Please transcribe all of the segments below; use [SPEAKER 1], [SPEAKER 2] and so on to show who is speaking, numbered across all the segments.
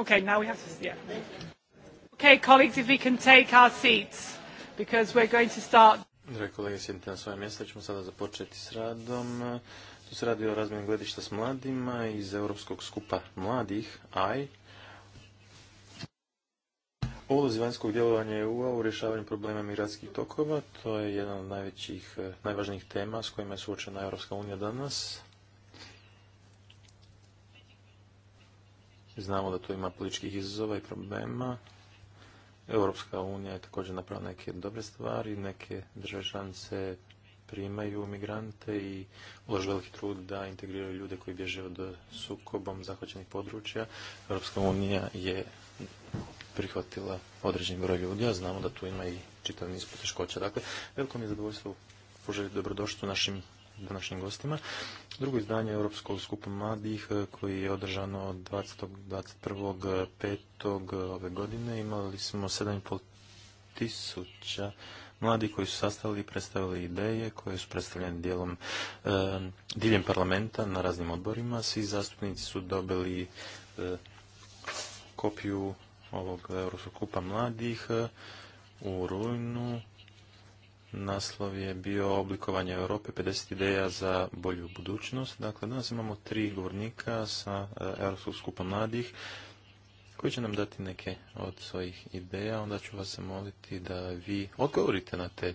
[SPEAKER 1] Okay, now we have to, yeah. Okay, colleagues, if we can take our seats, because we're going to start...
[SPEAKER 2] Dragi kolege, sjedite na svoje mjesta, ćemo sada započeti s radom. Tu se radi o razmjeni gledišta s mladima iz Europskog skupa mladih, AI. ulozi vanjskog djelovanja EU-a u rješavanju problema migracijskih tokova, to je jedan od najvećih, najvažnijih tema s kojima je suočena Europska unija danas Znamo da tu ima političkih izazova i problema. Europska unija je također napravila neke dobre stvari, neke države članice primaju migrante i ulažu veliki trud da integriraju ljude koji bježe od sukobom zahvaćenih područja. Europska unija je prihvatila određen broj ljudi, a znamo da tu ima i čitav niz poteškoća. Dakle, veliko mi je zadovoljstvo poželjeti dobrodošću našim današnjim gostima. Drugo izdanje Europskog skupa mladih eh, koji je održano eh, petog eh, ove godine imali smo 7,5 tisuća mladi koji su sastavili i predstavili ideje koje su predstavljene dijelom diljem parlamenta na raznim odborima. Svi zastupnici su dobili kopiju ovog Europskog skupa mladih u rujnu naslov je bio oblikovanje Europe 50 ideja za bolju budućnost. Dakle, danas imamo tri govornika sa e, Europskog skupa mladih koji će nam dati neke od svojih ideja. Onda ću vas moliti da vi odgovorite na te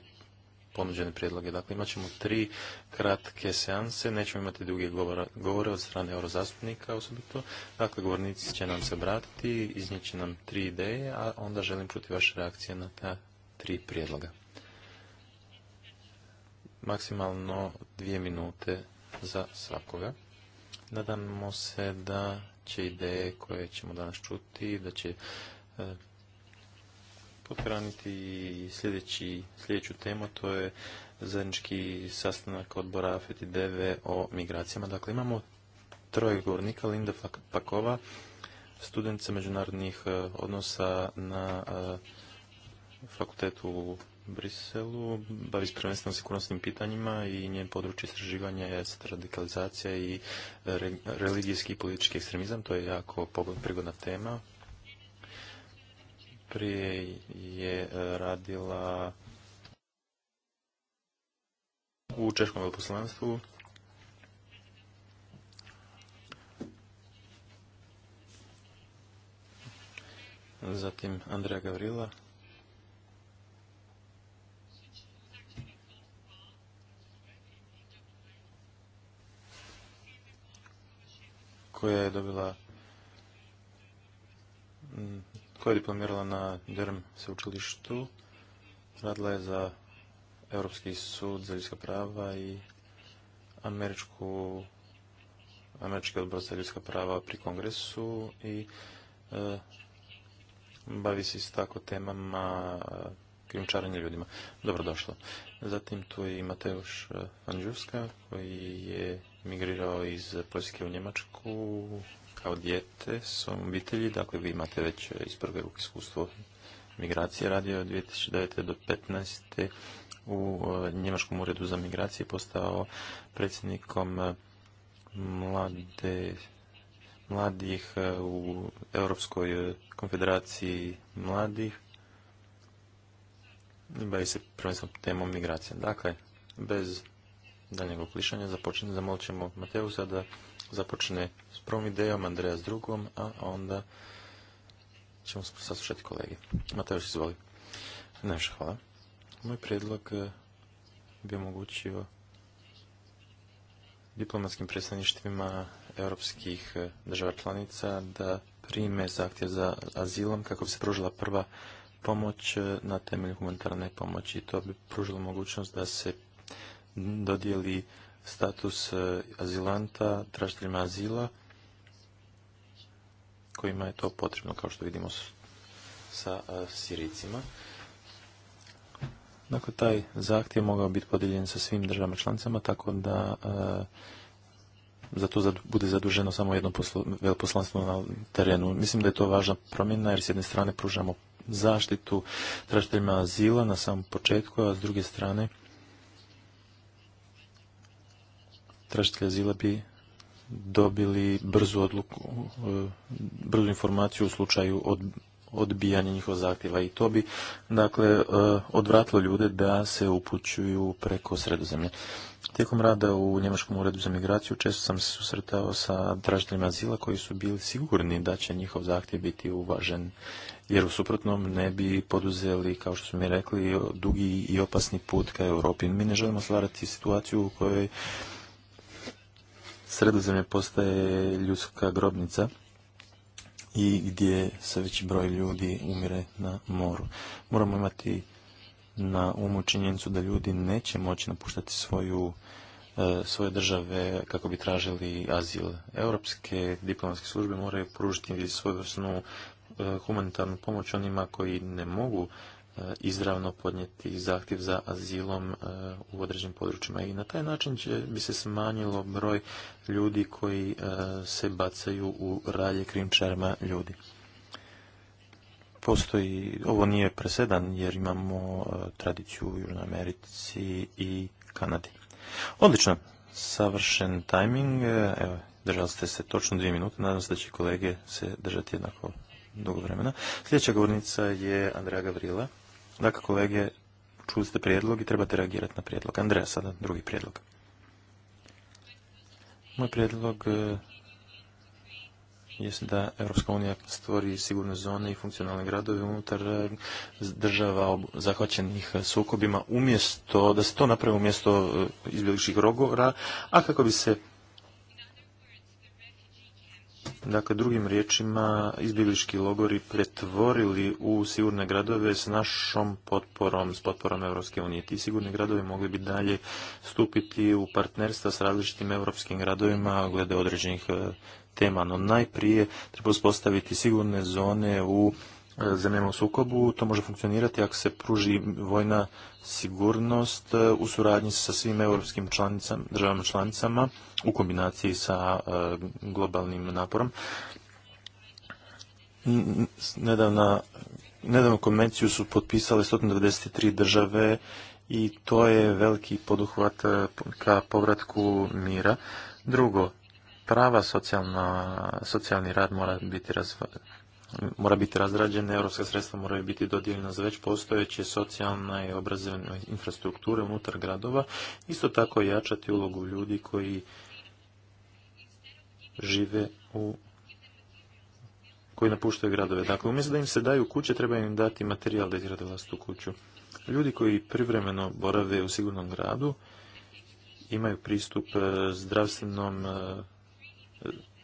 [SPEAKER 2] ponuđene prijedloge. Dakle, imat ćemo tri kratke seanse, nećemo imati duge govore od strane eurozastupnika osobito. Dakle, govornici će nam se obratiti, iznijet će nam tri ideje, a onda želim čuti vaše reakcije na ta tri prijedloga maksimalno dvije minute za svakoga. Nadamo se da će ideje koje ćemo danas čuti, da će e, pohraniti sljedeći, sljedeću temu, to je zajednički sastanak odbora feti DV o migracijama. Dakle, imamo troje govornika, Linda Pakova, studentica međunarodnih e, odnosa na e, fakultetu Briselu, bavi se prvenstveno sigurnosnim pitanjima i njen područje istraživanja je radikalizacija i religijski i politički ekstremizam. To je jako prigodna tema. Prije je e, radila u Češkom veliposlanstvu Zatim Andreja Gavrila, koja je dobila mm, koja je diplomirala na DERM sveučilištu. Radila je za Europski sud za ljudska prava i Američku Američki odbor za ljudska prava pri kongresu i e, bavi se s tako temama e, krimčaranje ljudima. došlo Zatim tu je i Mateuš koji je migrirao iz Poljske u Njemačku kao dijete s obitelji, dakle vi imate već iz prve ruke iskustvo migracije, radio od 2009. do 2015. u e, Njemačkom uredu za migracije, postao predsjednikom e, mlade, mladih e, u Europskoj konfederaciji mladih, bavi se prvenstveno temom migracije. Dakle, bez daljnjeg oklišanja započne, zamolit ćemo Mateusa da započne s prvom idejom, Andreja s drugom, a onda ćemo saslušati kolege. Mateus, izvoli. Najviše hvala. Moj prijedlog eh, bi omogućio diplomatskim predstavništvima europskih eh, država članica da prime zahtjev za azilom kako bi se pružila prva pomoć eh, na temelju humanitarne pomoći. To bi pružilo mogućnost da se dodijeli status e, azilanta tražiteljima azila kojima je to potrebno, kao što vidimo sa e, siricima. Dakle, taj zahtjev mogao biti podijeljen sa svim državama članicama, tako da e, za to bude zaduženo samo jedno veleposlanstvo na terenu. Mislim da je to važna promjena jer s jedne strane pružamo zaštitu tražiteljima azila na samom početku, a s druge strane tražitelja azila bi dobili brzu odluku, e, brzu informaciju u slučaju od, odbijanja njihova zahtjeva i to bi dakle e, odvratilo ljude da se upućuju preko sredozemlje. Tijekom rada u Njemačkom uredu za migraciju često sam se susretao sa tražiteljima azila koji su bili sigurni da će njihov zahtjev biti uvažen jer u suprotnom ne bi poduzeli, kao što su mi rekli, dugi i opasni put ka Europi. Mi ne želimo stvarati situaciju u kojoj sredozemlje postaje ljudska grobnica i gdje se veći broj ljudi umire na moru. Moramo imati na umu činjenicu da ljudi neće moći napuštati svoju e, svoje države kako bi tražili azil. Europske diplomatske službe moraju pružiti svojevrsnu e, humanitarnu pomoć onima koji ne mogu E, izravno podnijeti zahtjev za azilom e, u određenim područjima i na taj način će, bi se smanjilo broj ljudi koji e, se bacaju u ralje krimčarima ljudi. Postoji, ovo nije presedan jer imamo tradiciju u Južnoj Americi i Kanadi. Odlično, savršen tajming, evo, držali ste se točno dvije minute, nadam se da će kolege se držati jednako dugo vremena. Sljedeća govornica je Andrea Gavrila. Dakle, kolege, čuli ste prijedlog i trebate reagirati na prijedlog. Andreja, sada drugi prijedlog. Moj prijedlog e, jest da Europska unija stvori sigurne zone i funkcionalne gradove unutar e, država zahvaćenih e, sukobima umjesto, da se to napravi umjesto izbjegličkih rogora, a kako bi se dakle drugim riječima izbjeglički logori pretvorili u sigurne gradove s našom potporom, s potporom Europske unije. Ti sigurni gradovi mogli bi dalje stupiti u partnerstva s različitim europskim gradovima glede određenih eh, tema, no najprije treba uspostaviti sigurne zone u E, zemljama u sukobu, to može funkcionirati ako se pruži vojna sigurnost e, u suradnji sa svim europskim državama članicama u kombinaciji sa e, globalnim naporom. Nedavna, nedavnu konvenciju su potpisale 193 države i to je veliki poduhvat ka povratku mira. Drugo, prava socijalna, socijalni rad mora biti razvoj mora biti razrađene, europska sredstva moraju biti dodijeljena za već postojeće socijalne i obrazovne infrastrukture unutar gradova, isto tako jačati ulogu ljudi koji žive u koji napuštaju gradove. Dakle, umjesto da im se daju kuće, treba im dati materijal da izgrade vlastitu kuću. Ljudi koji privremeno borave u sigurnom gradu imaju pristup e, zdravstvenom e,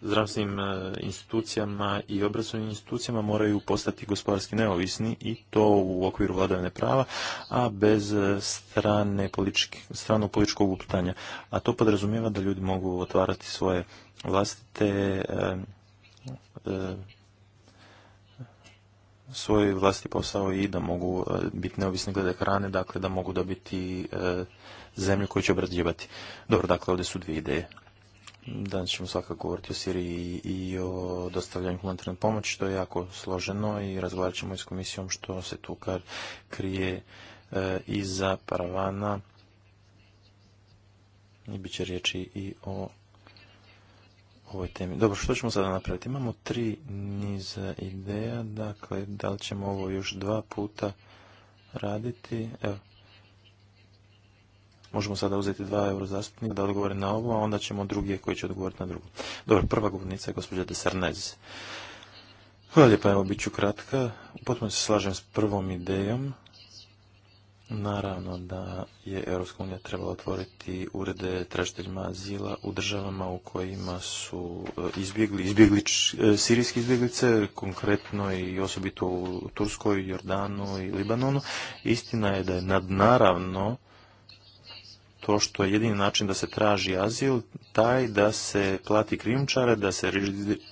[SPEAKER 2] zdravstvenim e, institucijama i obrazovnim institucijama moraju postati gospodarski neovisni i to u okviru vladavne prava, a bez e, strane politički, stranog političkog uputanja. A to podrazumijeva da ljudi mogu otvarati svoje vlastite e, svoj vlasti posao i da mogu biti neovisni glede hrane, dakle da mogu dobiti zemlju koju će obrađivati. Dobro, dakle ovdje su dvije ideje. Danas ćemo svakako govoriti o Siriji i o dostavljanju humanitarne pomoći, što je jako složeno i razgovarat ćemo i s komisijom što se tu krije e, iza paravana. I bit će riječi i o ovoj temi. Dobro, što ćemo sada napraviti? Imamo tri niza ideja, dakle, da li ćemo ovo još dva puta raditi? Evo, Možemo sada uzeti dva euro zastupnika da odgovore na ovo, a onda ćemo drugi koji će odgovoriti na drugo. Dobro, prva govornica je gospođa Desarnez. Hvala lijepa, evo bit ću kratka. Potpuno se slažem s prvom idejom. Naravno da je Europska unija trebala otvoriti urede tražiteljima azila u državama u kojima su e, izbjegli, izbjegli e, sirijske izbjeglice, konkretno i osobito u Turskoj, Jordanu i Libanonu. Istina je da je nadnaravno to što je jedini način da se traži azil taj da se plati krijumčare, da se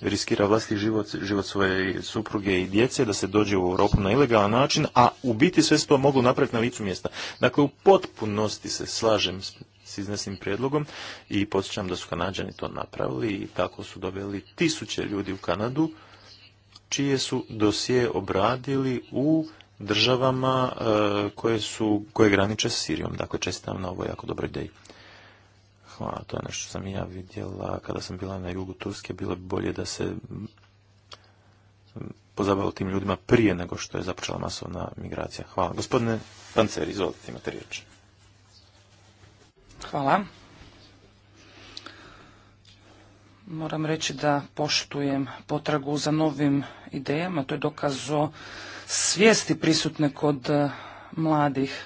[SPEAKER 2] riskira vlastiti život, život svoje supruge i djece, da se dođe u Europu na ilegalan način, a u biti sve se to moglo napraviti na licu mjesta. Dakle, u potpunosti se slažem s iznesnim prijedlogom i podsjećam da su Kanadžani to napravili i tako su doveli tisuće ljudi u Kanadu čije su dosije obradili u državama e, koje, su, koje graniče s Sirijom. Dakle, čestitam na ovoj jako dobroj ideji. Hvala, to je nešto što sam ja vidjela kada sam bila na jugu Turske. Bilo bi bolje da se pozabavilo tim ljudima prije nego što je započela masovna migracija. Hvala. Gospodine Pancer, izvolite, imate riječ.
[SPEAKER 1] Hvala. Moram reći da poštujem potragu za novim idejama. To je dokaz o svijesti prisutne kod e, mladih.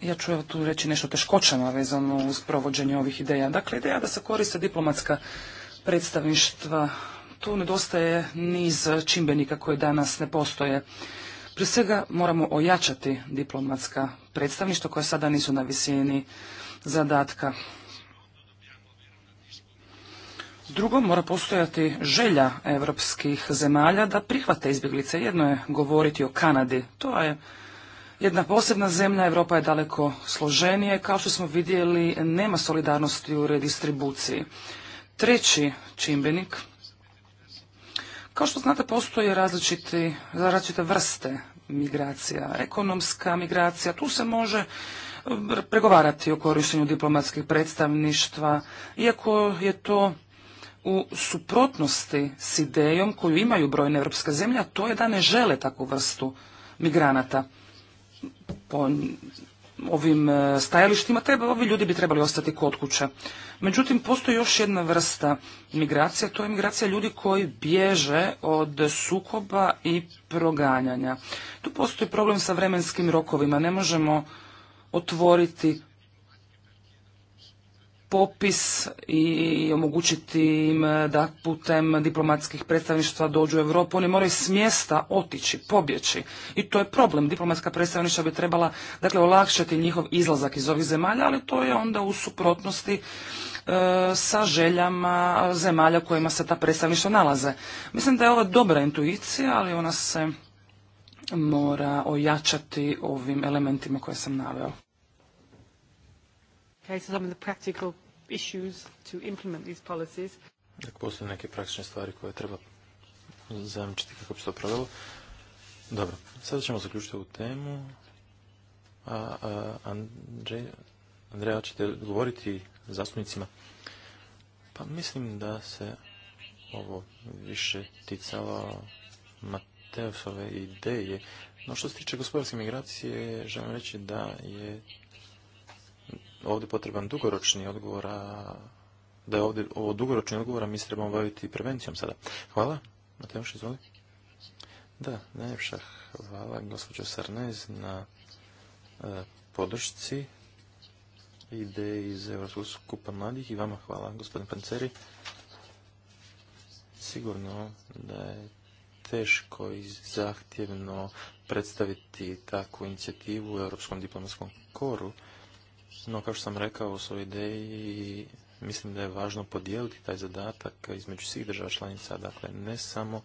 [SPEAKER 1] Ja ću evo tu reći nešto teškoćama vezano uz provođenje ovih ideja. Dakle, ideja da se koriste diplomatska predstavništva. Tu nedostaje niz čimbenika koje danas ne postoje. Prije svega moramo ojačati diplomatska predstavništva koja sada nisu na visini zadatka. Drugo, mora postojati želja evropskih zemalja da prihvate izbjeglice. Jedno je govoriti o Kanadi. To je jedna posebna zemlja, Europa je daleko složenije. Kao što smo vidjeli, nema solidarnosti u redistribuciji. Treći čimbenik. Kao što znate, postoje različite, različite vrste migracija. Ekonomska migracija, tu se može pregovarati o korištenju diplomatskih predstavništva, iako je to u suprotnosti s idejom koju imaju brojne evropske zemlje, a to je da ne žele takvu vrstu migranata. Po ovim e, stajalištima ovi ljudi bi trebali ostati kod kuće. Međutim, postoji još jedna vrsta migracija, to je migracija ljudi koji bježe od sukoba i proganjanja. Tu postoji problem sa vremenskim rokovima, ne možemo otvoriti popis i omogućiti im e, da putem diplomatskih predstavništva dođu u Europu. Oni moraju s mjesta otići, pobjeći. I to je problem. Diplomatska predstavništva bi trebala dakle, olakšati njihov izlazak iz ovih zemalja, ali to je onda u suprotnosti e, sa željama zemalja u kojima se ta predstavništva nalaze. Mislim da je ova dobra intuicija, ali ona se mora ojačati ovim elementima koje sam naveo. Okay, so some of the practical issues to implement these policies.
[SPEAKER 2] Dakle, postoje neke praktične stvari koje treba zamičiti kako bi se to provelo. Dobro, sada ćemo zaključiti ovu temu. A, a Andrej, Andreja, ćete govoriti zastupnicima? Pa mislim da se ovo više ticalo Mateusove ideje. No što se tiče gospodarske migracije, želim reći da je ovdje potreban dugoročni odgovor, a da je ovdje ovo dugoročni odgovor, a mi se trebamo baviti prevencijom sada. Hvala. Mateoš, izvoli. Da, najljepša hvala gospođo Sarnez na e, podršci Ideji iz Evropskog skupa mladih i vama hvala gospodin Panceri. Sigurno da je teško i zahtjevno predstaviti takvu inicijativu u Europskom diplomatskom koru no, kao što sam rekao u svojoj ideji, mislim da je važno podijeliti taj zadatak između svih država članica, dakle ne samo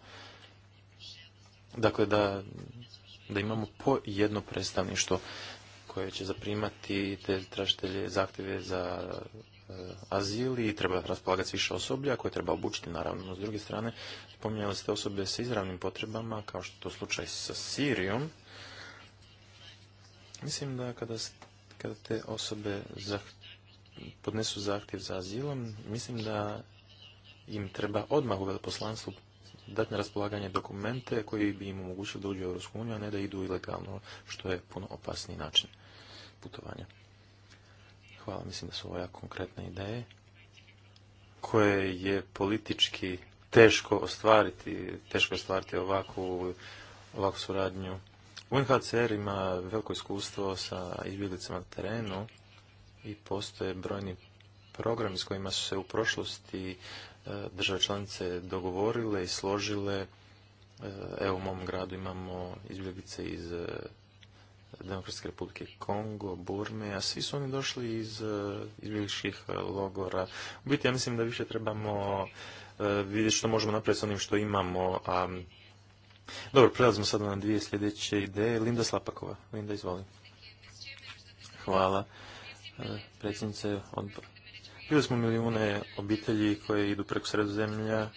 [SPEAKER 2] dakle da, da imamo po jedno predstavništvo koje će zaprimati te tražitelje zahtjeve za azili, e, azil i treba raspolagati više osoblja koje treba obučiti naravno. No, s druge strane, spominjali ste osobe sa izravnim potrebama kao što je to slučaj sa Sirijom. Mislim da kada ste kada te osobe podnesu zahtjev za azilom, mislim da im treba odmah u veleposlanstvu dati na raspolaganje dokumente koji bi im omogućili da uđu u Europsku uniju, a ne da idu ilegalno, što je puno opasniji način putovanja. Hvala, mislim da su ovo jako konkretne ideje koje je politički teško ostvariti, teško ostvariti ovakvu, ovakvu suradnju UNHCR ima veliko iskustvo sa izbjeglicama na terenu i postoje brojni programi s kojima su se u prošlosti e, države članice dogovorile i složile. E, evo u mom gradu imamo izbjeglice iz e, Demokratske republike Kongo, Burme, a svi su oni došli iz izbjegličkih logora. U biti ja mislim da više trebamo vidjeti što možemo napraviti s onim što imamo, a dobro, prelazimo sad na dvije sljedeće ideje. Linda Slapakova. Linda, izvoli. Hvala. E, predsjednice odbora. Bili smo milijune obitelji koje idu preko sredozemlja,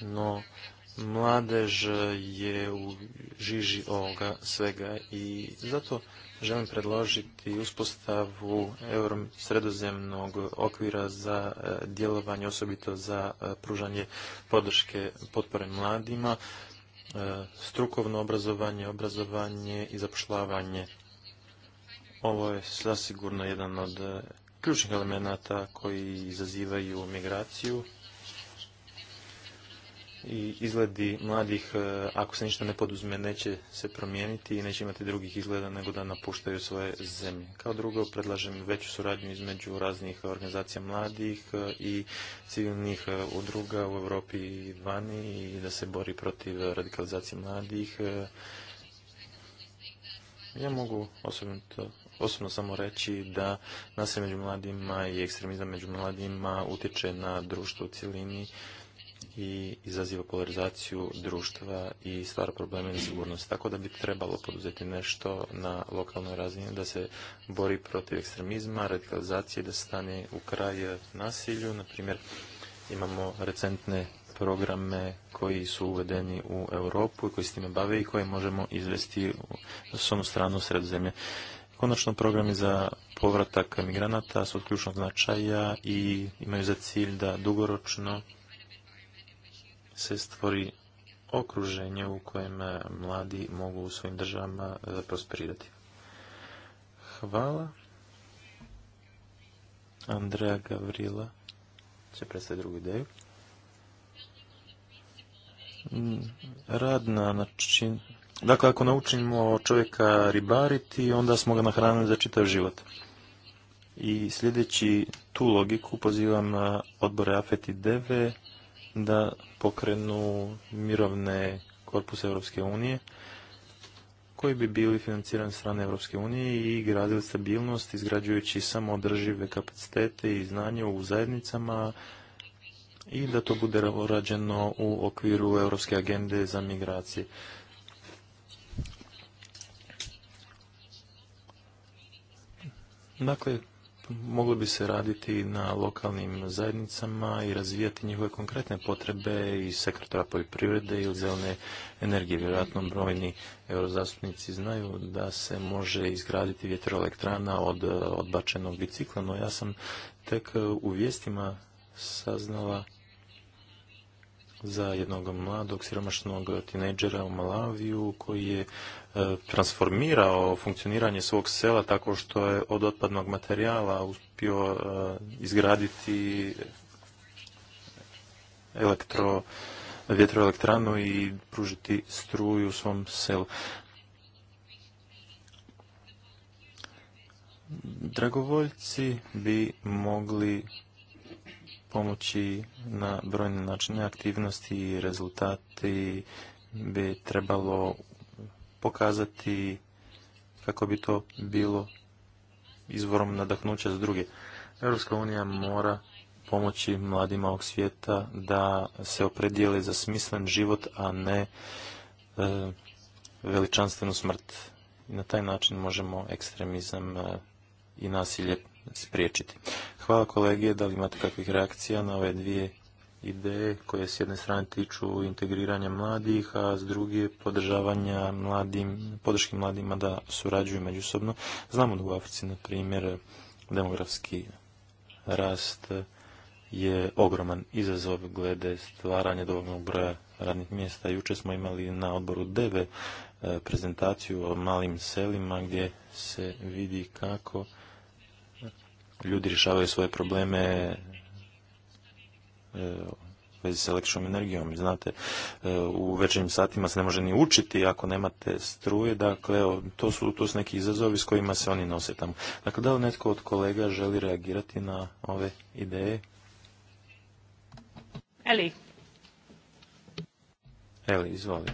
[SPEAKER 2] no mladež je u žiži ovoga svega i zato želim predložiti uspostavu sredozemnog okvira za e, djelovanje, osobito za e, pružanje podrške potpore mladima, e, strukovno obrazovanje, obrazovanje i zapošljavanje. Ovo je sasigurno jedan od ključnih elemenata koji izazivaju migraciju i izgledi mladih, e, ako se ništa ne poduzme, neće se promijeniti i neće imati drugih izgleda nego da napuštaju svoje zemlje. Kao drugo, predlažem veću suradnju između raznih organizacija mladih e, i civilnih e, udruga u Europi i vani i da se bori protiv radikalizacije mladih. Ja mogu osobno osobno samo reći da nasilje među mladima i ekstremizam među mladima utječe na društvo u cjelini i izaziva polarizaciju društva i stvara probleme sigurnosti Tako da bi trebalo poduzeti nešto na lokalnoj razini da se bori protiv ekstremizma, radikalizacije, da stane u kraj nasilju. Naprimjer, imamo recentne programe koji su uvedeni u Europu i koji se time bave i koje možemo izvesti u onu stranu sredozemlje. Konačno programi za povratak migranata su od ključnog značaja i imaju za cilj da dugoročno se stvori okruženje u kojem eh, mladi mogu u svojim državama eh, prosperirati. Hvala. Andreja Gavrila će predstaviti drugu ideju. Mm, rad na način... Dakle, ako naučimo čovjeka ribariti, onda smo ga nahranili za čitav život. I sljedeći tu logiku pozivam na eh, odbore Afeti Deve da pokrenu mirovne korpuse Europske unije koji bi bili financirani strane Europske unije i gradili stabilnost izgrađujući samo održive kapacitete i znanje u zajednicama i da to bude rađeno u okviru Europske agende za migracije. Dakle, moglo bi se raditi na lokalnim zajednicama i razvijati njihove konkretne potrebe i sektora poljoprivrede ili zelene energije. Vjerojatno brojni eurozastupnici znaju da se može izgraditi vjetroelektrana od e, odbačenog bicikla, no ja sam tek e, u vijestima saznala za jednog mladog siromašnog tineđera u Malaviju koji je transformirao funkcioniranje svog sela tako što je od otpadnog materijala uspio e, izgraditi elektro, vjetroelektranu i pružiti struju u svom selu. Dragovoljci bi mogli pomoći na brojne načine aktivnosti i rezultati bi trebalo pokazati kako bi to bilo izvorom nadahnuća za druge. Europska unija mora pomoći mladima ovog svijeta da se opredijeli za smislen život, a ne e, veličanstvenu smrt. I na taj način možemo ekstremizam e, i nasilje spriječiti. Hvala kolege, da li imate kakvih reakcija na ove dvije ideje koje s jedne strane tiču integriranja mladih, a s druge podržavanja mladim, podrški mladima da surađuju međusobno. Znamo da u Africi, na primjer, demografski rast je ogroman izazov glede stvaranja dovoljnog broja radnih mjesta. Juče smo imali na odboru DEVE prezentaciju o malim selima gdje se vidi kako ljudi rješavaju svoje probleme E, vezi s električnom energijom. Znate, e, u večernjim satima se ne može ni učiti ako nemate struje, dakle, to su, to su neki izazovi s kojima se oni nose tamo. Dakle, da li netko od kolega želi reagirati na ove ideje?
[SPEAKER 3] Eli.
[SPEAKER 1] Eli, izvoli.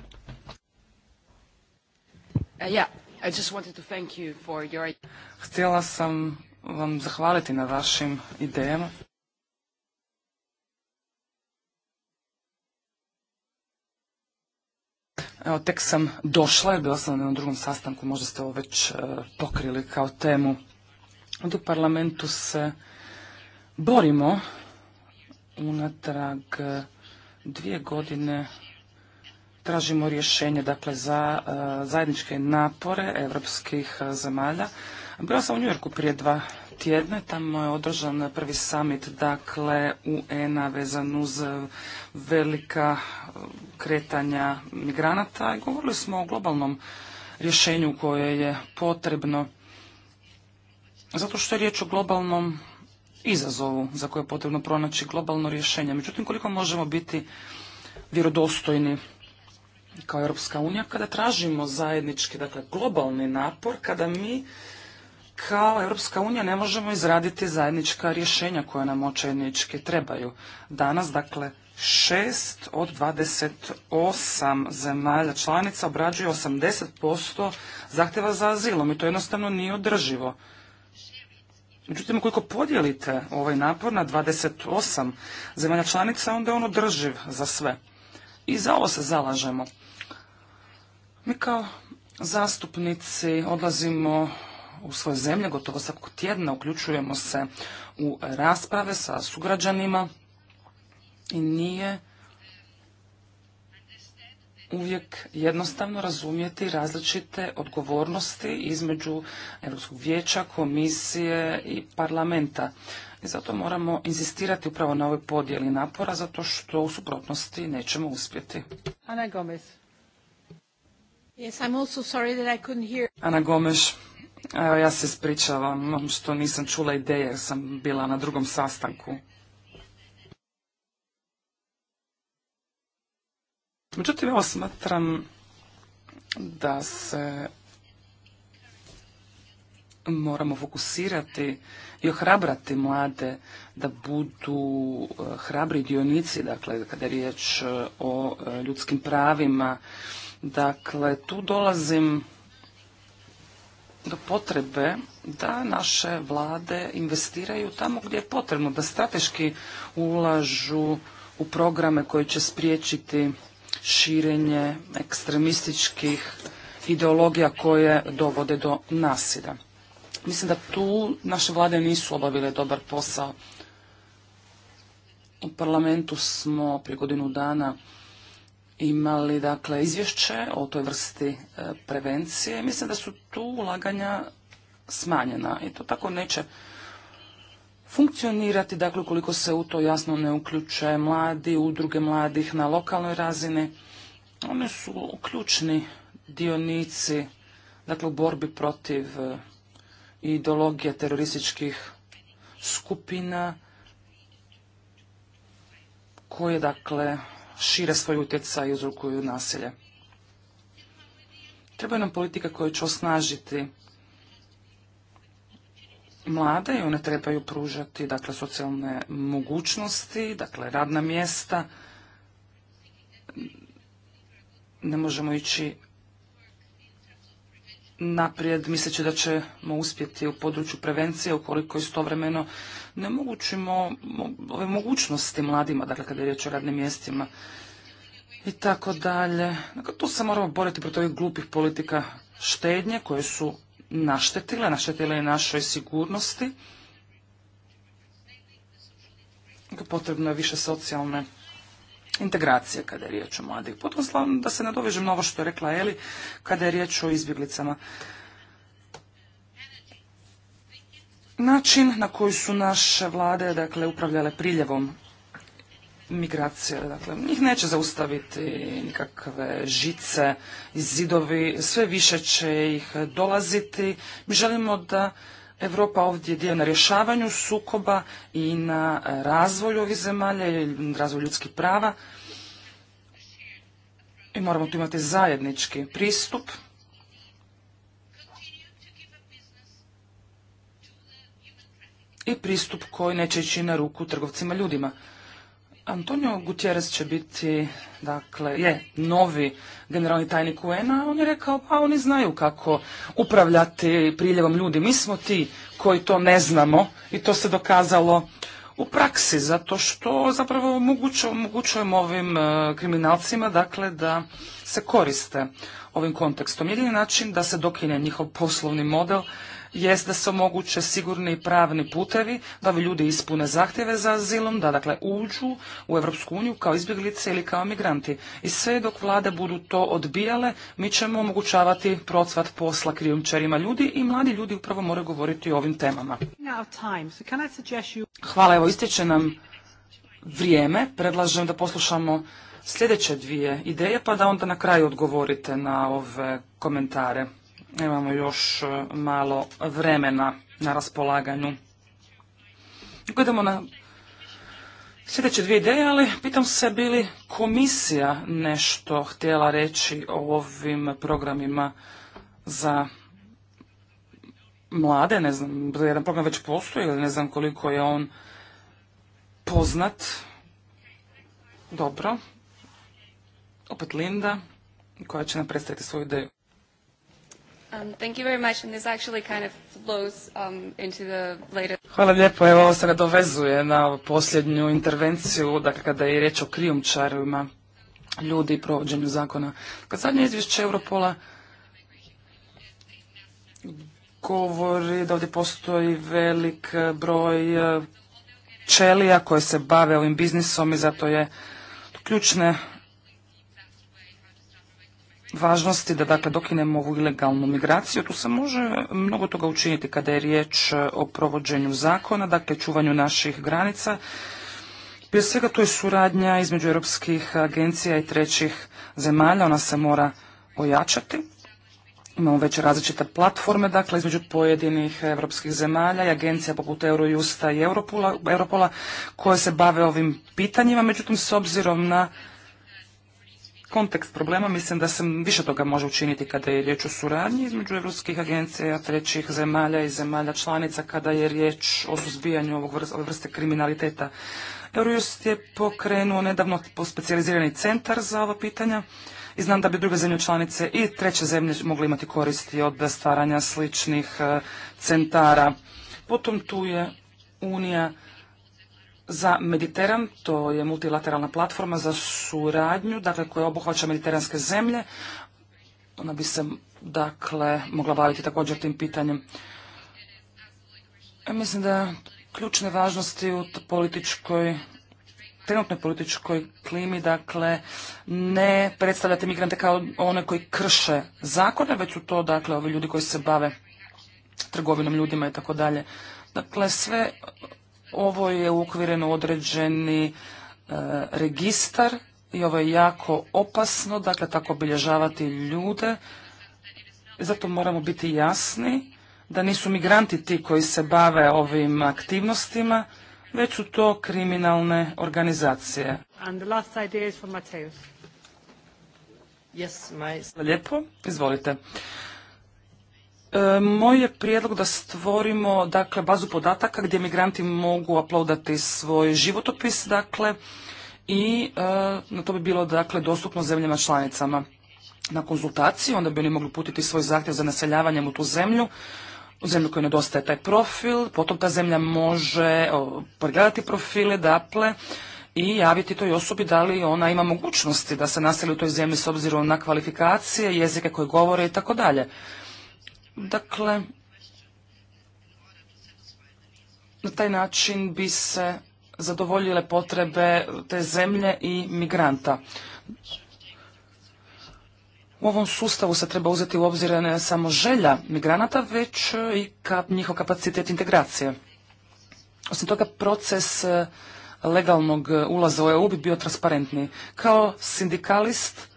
[SPEAKER 1] E, ja, I just wanted to thank you for your... Htjela sam vam zahvaliti na vašim idejama. Evo, tek sam došla, je bila sam na drugom sastanku, možda ste ovo već e, pokrili kao temu. Od u parlamentu se borimo unatrag e, dvije godine tražimo rješenje dakle za e, zajedničke napore europskih zemalja. Bila sam u Njujorku prije dva tjedne. Tamo je održan prvi summit, dakle, UN-a vezan uz velika e, kretanja migranata i govorili smo o globalnom rješenju koje je potrebno zato što je riječ o globalnom izazovu za koje je potrebno pronaći globalno rješenje. Međutim, koliko možemo biti vjerodostojni kao Europska unija kada tražimo zajednički, dakle globalni napor, kada mi kao Europska unija ne možemo izraditi zajednička rješenja koja nam očajnički trebaju. Danas, dakle, šest od 28 zemalja članica obrađuje 80% zahtjeva za azilom i to jednostavno nije održivo. Međutim, ukoliko podijelite ovaj napor na 28 zemalja članica, onda je on održiv za sve. I za ovo se zalažemo. Mi kao zastupnici odlazimo u svoje zemlje, gotovo svakog tjedna uključujemo se u rasprave sa sugrađanima i nije uvijek jednostavno razumjeti različite odgovornosti između Europskog vijeća, komisije i parlamenta. I zato moramo inzistirati upravo na ovoj podjeli napora, zato što u suprotnosti nećemo uspjeti. Ana Gomes. Ana Evo, ja se ispričavam ono što nisam čula ideje jer sam bila na drugom sastanku. Međutim, evo smatram da se moramo fokusirati i ohrabrati mlade da budu e, hrabri dionici, dakle, kada je riječ e, o e, ljudskim pravima. Dakle, tu dolazim do potrebe da naše vlade investiraju tamo gdje je potrebno, da strateški ulažu u programe koji će spriječiti širenje ekstremističkih ideologija koje dovode do nasilja. Mislim da tu naše vlade nisu obavile dobar posao. U parlamentu smo prije godinu dana imali dakle izvješće o toj vrsti e, prevencije. Mislim da su tu ulaganja smanjena i to tako neće funkcionirati, dakle ukoliko se u to jasno ne uključe mladi, udruge mladih na lokalnoj razini. Oni su ključni dionici dakle u borbi protiv e, ideologije terorističkih skupina koje dakle šire svoj utjecaj i uzrokuju nasilje. Treba nam politika koja će osnažiti mlade i one trebaju pružati dakle, socijalne mogućnosti, dakle radna mjesta. Ne možemo ići naprijed misleći da ćemo uspjeti u području prevencije ukoliko istovremeno ne omogućimo ove mogućnosti mladima, dakle kada je riječ o radnim mjestima i tako dalje. Dakle, tu se moramo boriti protiv ovih glupih politika štednje koje su naštetile, naštetile i našoj sigurnosti. Dakle, potrebno je više socijalne integracije kada je riječ o mladih. Potom slavno da se nadovežem na ovo što je rekla Eli kada je riječ o izbjeglicama. Način na koji su naše vlade dakle, upravljale priljevom migracije, dakle, njih neće zaustaviti nikakve žice, zidovi, sve više će ih dolaziti. Mi želimo da Evropa ovdje dio na rješavanju sukoba i na e, razvoju ovih zemalja i razvoju ljudskih prava. I moramo tu imati zajednički pristup. I pristup koji neće ići na ruku trgovcima ljudima. Antonio Gutierrez će biti, dakle, je novi generalni tajnik UN-a, on je rekao, pa oni znaju kako upravljati priljevom ljudi. Mi smo ti koji to ne znamo i to se dokazalo u praksi, zato što zapravo omogućujemo ovim e, kriminalcima, dakle, da se koriste ovim kontekstom. Jedini način da se dokine njihov poslovni model jest da se omoguće sigurni pravni putevi, da bi ljudi ispune zahtjeve za azilom, da dakle uđu u Europsku uniju kao izbjeglice ili kao migranti. I sve dok vlade budu to odbijale, mi ćemo omogućavati procvat posla krijumčarima ljudi i mladi ljudi upravo moraju govoriti o ovim temama. Hvala, evo istječe nam vrijeme. Predlažem da poslušamo sljedeće dvije ideje, pa da onda na kraju odgovorite na ove komentare. Imamo još e, malo vremena na raspolaganju. Gledamo na sljedeće dvije ideje, ali pitam se bi li komisija nešto htjela reći o ovim programima za mlade, ne znam, jedan program već postoji ili ne znam koliko je on poznat. Dobro. Opet Linda, koja će nam predstaviti svoju ideju. Um, thank you very Hvala lijepo. Evo, ovo se nadovezuje na posljednju intervenciju, dakle kada je reč o krijumčarima ljudi i provođenju zakona. Kad zadnje izvješće Europola govori da ovdje postoji velik e, broj čelija e, koje se bave ovim biznisom i zato je ključne važnosti da dakle dokinemo ovu ilegalnu migraciju. Tu se može mnogo toga učiniti kada je riječ o provođenju zakona, dakle čuvanju naših granica. Prije svega to je suradnja između europskih agencija i trećih zemalja, ona se mora ojačati. Imamo već različite platforme, dakle, između pojedinih europskih zemalja i agencija poput Eurojusta i Europola, Europola koje se bave ovim pitanjima. Međutim, s obzirom na kontekst problema, mislim da se više toga može učiniti kada je riječ o suradnji između evropskih agencija, trećih zemalja i zemalja članica kada je riječ o suzbijanju ovog vrste, ove vrste kriminaliteta. Eurojust je pokrenuo nedavno specijalizirani centar za ova pitanja i znam da bi druge zemlje članice i treće zemlje mogli imati koristi od stvaranja sličnih eh, centara. Potom tu je Unija za Mediteran, to je multilateralna platforma za suradnju, dakle koja obuhvaća mediteranske zemlje. Ona bi se dakle mogla baviti također tim pitanjem. E, mislim da ključne važnosti u političkoj trenutnoj političkoj klimi, dakle, ne predstavljate migrante kao one koji krše zakone, već su to, dakle, ovi ljudi koji se bave trgovinom ljudima i tako dalje. Dakle, sve ovo je ukvireno određeni e, registar i ovo je jako opasno, dakle tako obilježavati ljude. Zato moramo biti jasni da nisu migranti ti koji se bave ovim aktivnostima, već su to kriminalne organizacije. Lijepo, izvolite. E, moj je prijedlog da stvorimo dakle, bazu podataka gdje migranti mogu uploadati svoj životopis dakle, i e, na to bi bilo dakle, dostupno zemljama članicama na konzultaciju. onda bi oni mogli putiti svoj zahtjev za naseljavanjem u tu zemlju, u zemlju kojoj nedostaje taj profil, potom ta zemlja može e, pregledati profile, dakle, i javiti toj osobi da li ona ima mogućnosti da se naseli u toj zemlji s obzirom na kvalifikacije, jezike koje govore i tako dalje. Dakle, na taj način bi se zadovoljile potrebe te zemlje i migranta. U ovom sustavu se treba uzeti u obzir ne samo želja migranata, već i njihov kapacitet integracije. Osim toga, proces eh, legalnog ulaza u EU bi bio transparentniji. Kao sindikalist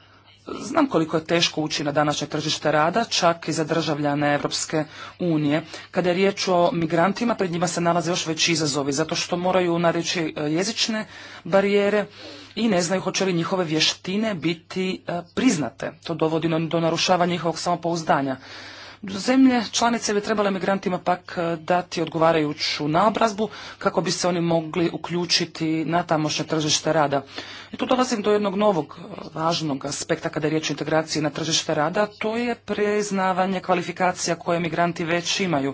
[SPEAKER 1] Znam koliko je teško ući na današnje tržište rada, čak i za državljane Europske unije. Kada je riječ o migrantima, pred njima se nalaze još veći izazovi, zato što moraju nareći e, jezične barijere i ne znaju hoće li njihove vještine biti e, priznate. To dovodi do narušavanja njihovog samopouzdanja. Zemlje članice bi trebale migrantima pak e, dati odgovarajuću naobrazbu kako bi se oni mogli uključiti na tamošnje tržište rada. I tu dolazim do jednog novog e, važnog aspekta kada je riječ o integraciji na tržište rada, to je priznavanje kvalifikacija koje migranti već imaju.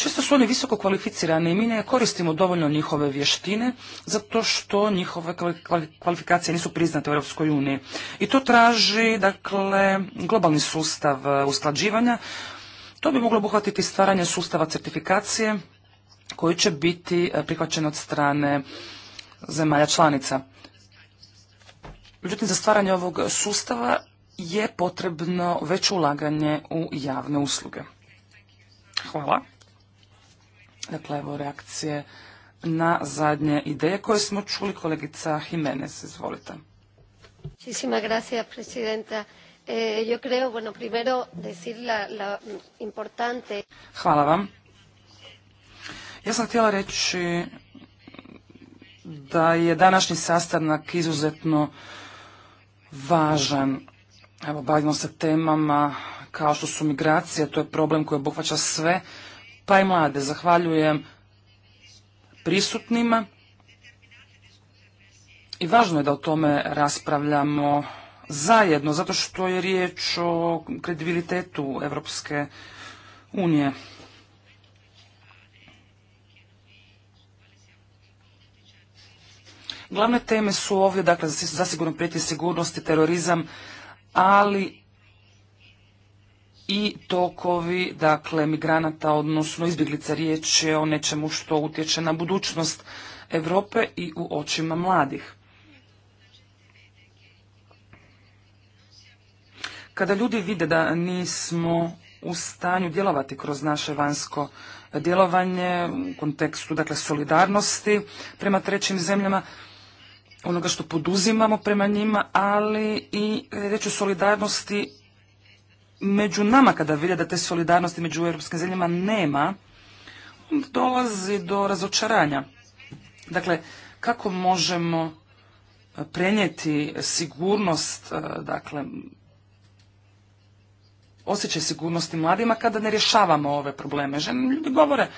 [SPEAKER 1] Često su oni visoko kvalificirani i mi ne koristimo dovoljno njihove vještine zato što njihove kvalifikacije nisu priznate u Europskoj uniji. I to traži dakle, globalni sustav e, usklađivanja. To bi moglo obuhvatiti stvaranje sustava certifikacije koji će biti e, prihvaćen od strane zemalja članica. Međutim, za stvaranje ovog sustava je potrebno veće ulaganje u javne usluge. Hvala. Dakle, evo reakcije na zadnje ideje koje smo čuli. Kolegica Jimenez, izvolite.
[SPEAKER 3] Muchísimas gracias, presidenta. Eh, yo creo, bueno, primero decir la, la
[SPEAKER 1] importante... Hvala vam. Ja sam htjela reći da je današnji sastanak izuzetno važan. Evo, bavimo se temama kao što su migracije, to je problem koji obuhvaća sve pa mlade. Zahvaljujem prisutnima i važno je da o tome raspravljamo zajedno, zato što je riječ o kredibilitetu Evropske unije. Glavne teme su ovdje, dakle, zasigurno prijeti sigurnosti, terorizam, ali i tokovi, dakle, migranata, odnosno izbjeglica riječ je o nečemu što utječe na budućnost Europe i u očima mladih. Kada ljudi vide da nismo u stanju djelovati kroz naše vanjsko djelovanje u kontekstu dakle, solidarnosti prema trećim zemljama, onoga što poduzimamo prema njima, ali i reći o solidarnosti među nama kada vidje da te solidarnosti među europskim zemljama nema, dolazi do razočaranja. Dakle, kako možemo e, prenijeti sigurnost, e, dakle, osjećaj sigurnosti mladima kada ne rješavamo ove probleme. Žene ljudi govore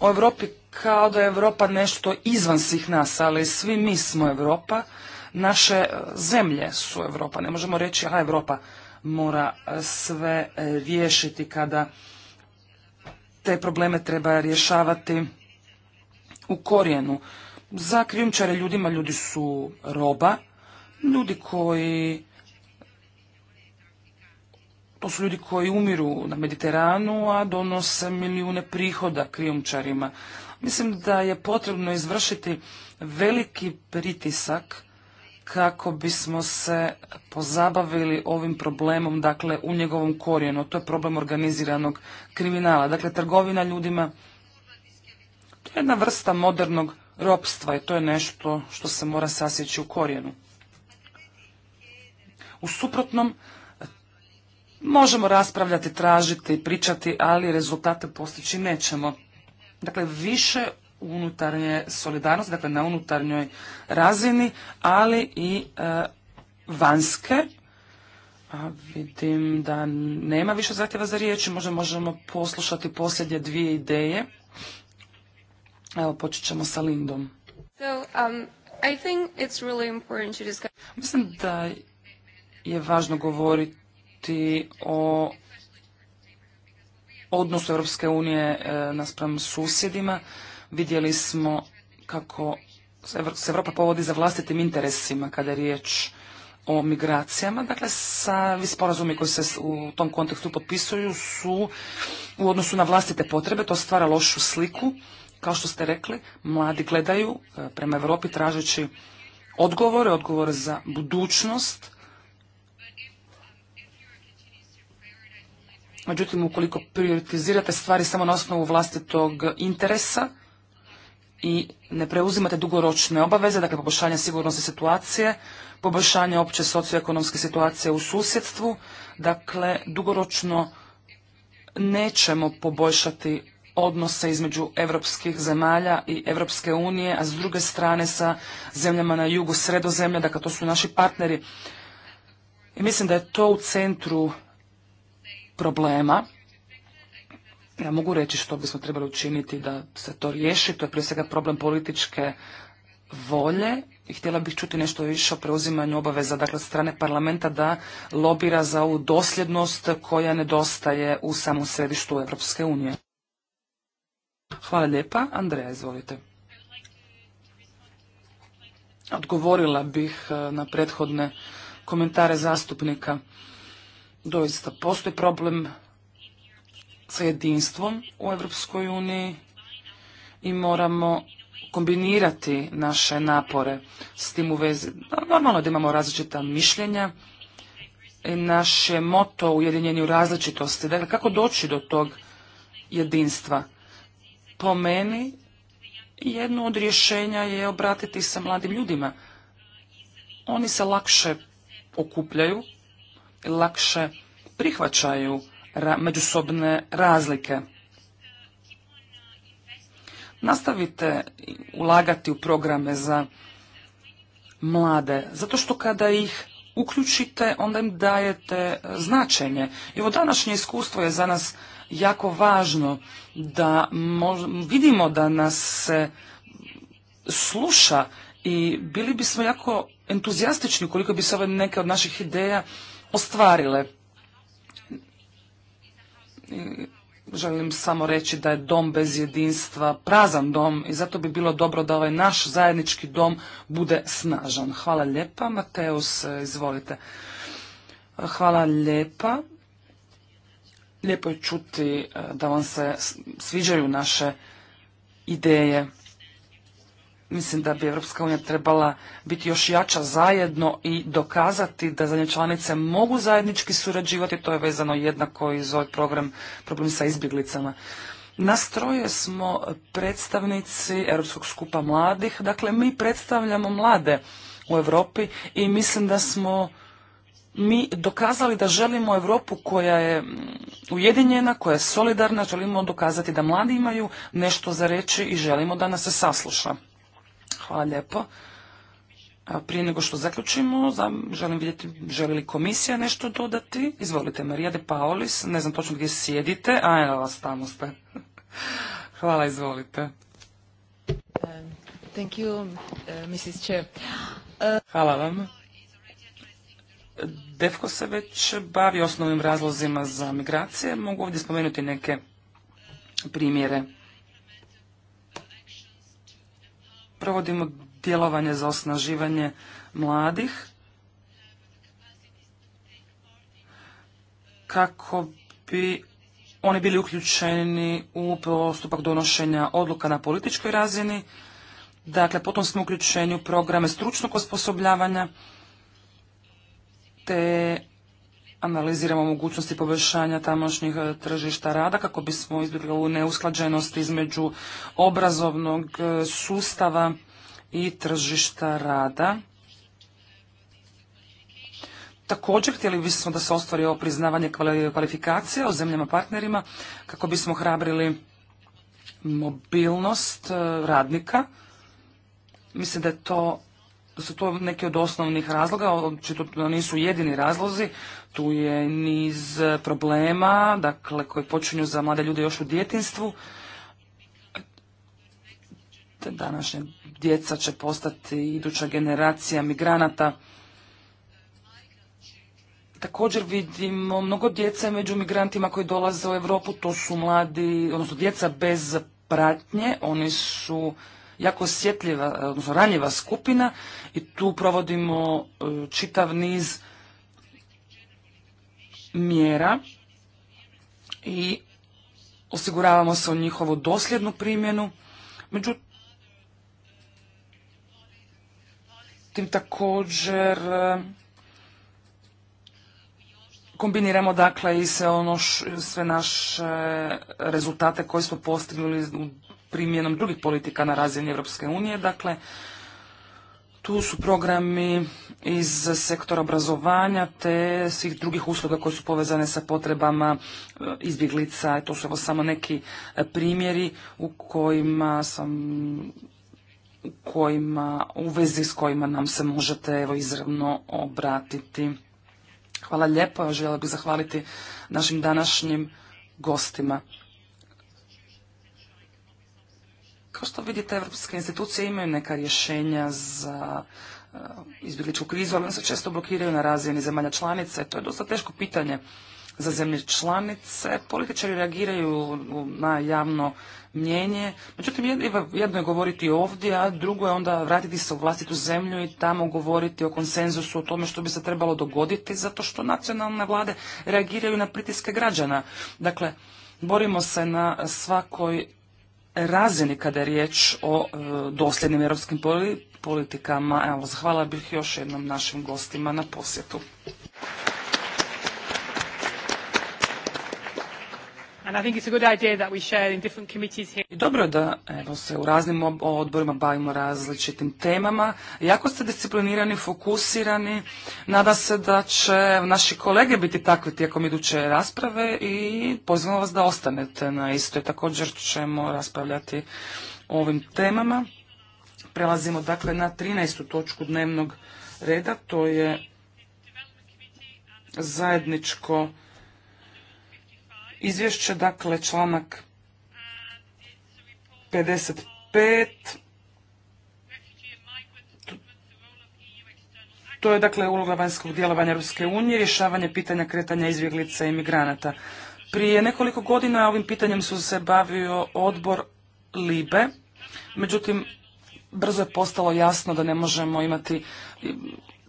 [SPEAKER 1] o Europi kao da je Europa nešto izvan svih nas, ali svi mi smo Europa, naše e, zemlje su Europa. Ne možemo reći, aha Europa mora sve e, riješiti kada te probleme treba rješavati u korijenu. Za krijumčare ljudima ljudi su roba, ljudi koji to su ljudi koji umiru na Mediteranu, a donose milijune prihoda krijumčarima. Mislim da je potrebno izvršiti veliki pritisak kako bismo se pozabavili ovim problemom, dakle, u njegovom korijenu. To je problem organiziranog kriminala. Dakle, trgovina ljudima, to je jedna vrsta modernog ropstva i to je nešto što se mora sasjeći u korijenu. U suprotnom, možemo raspravljati, tražiti, pričati, ali rezultate postići nećemo. Dakle, više unutarnje solidarnosti, dakle na unutarnjoj razini, ali i e, vanjske. A vidim da nema više zahtjeva za riječ, možda možemo poslušati posljednje dvije ideje. Evo, počet ćemo sa Lindom. Um, Mislim da je važno govoriti o odnosu Europske unije e, naspram susjedima. Vidjeli smo kako se Evropa povodi za vlastitim interesima kada je riječ o migracijama. Dakle, savi sporazumi koji se u tom kontekstu potpisuju su u odnosu na vlastite potrebe. To stvara lošu sliku. Kao što ste rekli, mladi gledaju e, prema Europi tražeći odgovore, odgovore za budućnost. Međutim, ukoliko prioritizirate stvari samo na osnovu vlastitog interesa, i ne preuzimate dugoročne obaveze, dakle poboljšanje sigurnosti situacije, poboljšanje opće socioekonomske situacije u susjedstvu, dakle dugoročno nećemo poboljšati odnose između europskih zemalja i Evropske unije, a s druge strane sa zemljama na jugu sredozemlja, dakle to su naši partneri. I mislim da je to u centru problema ja mogu reći što bismo trebali učiniti da se to riješi. To je prije svega problem političke volje i htjela bih čuti nešto više o preuzimanju obaveza dakle strane parlamenta da lobira za ovu dosljednost koja nedostaje u samom središtu Europske unije. Hvala lijepa. Andreja, izvolite. Odgovorila bih e, na prethodne komentare zastupnika. Doista, postoji problem sa jedinstvom u Europskoj uniji i moramo kombinirati naše napore s tim u vezi. Normalno da imamo različita mišljenja i je moto ujedinjenju u različitosti. Dakle, kako doći do tog jedinstva? Po meni, jedno od rješenja je obratiti se mladim ljudima. Oni se lakše okupljaju, lakše prihvaćaju međusobne razlike. Nastavite ulagati u programe za mlade, zato što kada ih uključite, onda im dajete značenje. I ovo današnje iskustvo je za nas jako važno da vidimo da nas se sluša i bili bismo jako entuzijastični koliko bi se ove neke od naših ideja ostvarile želim samo reći da je dom bez jedinstva prazan dom i zato bi bilo dobro da ovaj naš zajednički dom bude snažan. Hvala lijepa. Mateus, izvolite. Hvala lijepa. Lijepo je čuti eh, da vam se sviđaju naše ideje. Mislim da bi Europska unija trebala biti još jača zajedno i dokazati da zadnje članice mogu zajednički surađivati. To je vezano jednako i za ovaj program, problem sa izbjeglicama. Nastroje smo predstavnici Europskog skupa mladih. Dakle, mi predstavljamo mlade u Europi i mislim da smo mi dokazali da želimo Europu koja je ujedinjena, koja je solidarna, želimo dokazati da mladi imaju nešto za reći i želimo da nas se sasluša. Hvala lijepo. Prije nego što zaključimo, želim vidjeti, želi li komisija nešto dodati? Izvolite, Marija de Paulis ne znam točno gdje sjedite, a evo vas tamo ste. Hvala, izvolite.
[SPEAKER 3] Um, uh, uh,
[SPEAKER 1] Hvala vam. Defko se već bavi osnovnim razlozima za migracije. Mogu ovdje spomenuti neke primjere. provodimo djelovanje za osnaživanje mladih kako bi oni bili uključeni u postupak donošenja odluka na političkoj razini. Dakle, potom smo uključeni u programe stručnog osposobljavanja te analiziramo mogućnosti poboljšanja tamošnjih e, tržišta rada kako bismo izbjegli ovu neusklađenost između obrazovnog e, sustava i tržišta rada. Također htjeli bismo da se ostvari ovo priznavanje kvalifikacija u zemljama partnerima kako bismo hrabrili mobilnost e, radnika. Mislim da je to to su to neki od osnovnih razloga, očito to nisu jedini razlozi, tu je niz problema, dakle, koji počinju za mlade ljude još u djetinstvu. Te današnje djeca će postati iduća generacija migranata. Također vidimo mnogo djece među migrantima koji dolaze u Europu, to su mladi, odnosno djeca bez pratnje, oni su jako osjetljiva, odnosno ranjiva skupina i tu provodimo e, čitav niz mjera i osiguravamo se o njihovu dosljednu primjenu. Međutim, također e, kombiniramo dakle i se ono sve naše rezultate koje smo postigli primjenom drugih politika na razini Europske unije. Dakle, tu su programi iz sektora obrazovanja te svih drugih usluga koje su povezane sa potrebama e, izbjeglica. To su evo samo neki e, primjeri u kojima sam u kojima, u vezi s kojima nam se možete evo izravno obratiti. Hvala lijepo, željela bih zahvaliti našim današnjim gostima. Kao što vidite, evropske institucije imaju neka rješenja za eh, izbjegličku krizu, ali se često blokiraju na razini zemalja članice. To je dosta teško pitanje za zemlje članice. Političari reagiraju na javno mnjenje. Međutim, jedno je govoriti ovdje, a drugo je onda vratiti se u vlastitu zemlju i tamo govoriti o konsenzusu, o tome što bi se trebalo dogoditi, zato što nacionalne vlade reagiraju na pritiske građana. Dakle, borimo se na svakoj razini kada je riječ o e, dosljednim europskim politikama. Evo, zahvala bih još jednom našim gostima na posjetu. Dobro da se u raznim odborima bavimo različitim temama. Jako ste disciplinirani, fokusirani. Nada se da će naši kolege biti takvi tijekom iduće rasprave i pozivamo vas da ostanete na istoj. Također ćemo raspravljati o ovim temama. Prelazimo dakle na 13. točku dnevnog reda. To je zajedničko izvješće, dakle članak 55. To je dakle uloga vanjskog djelovanja Ruske unije, rješavanje pitanja kretanja izbjeglica i migranata. Prije nekoliko godina ovim pitanjem su se bavio odbor Libe, međutim brzo je postalo jasno da ne možemo imati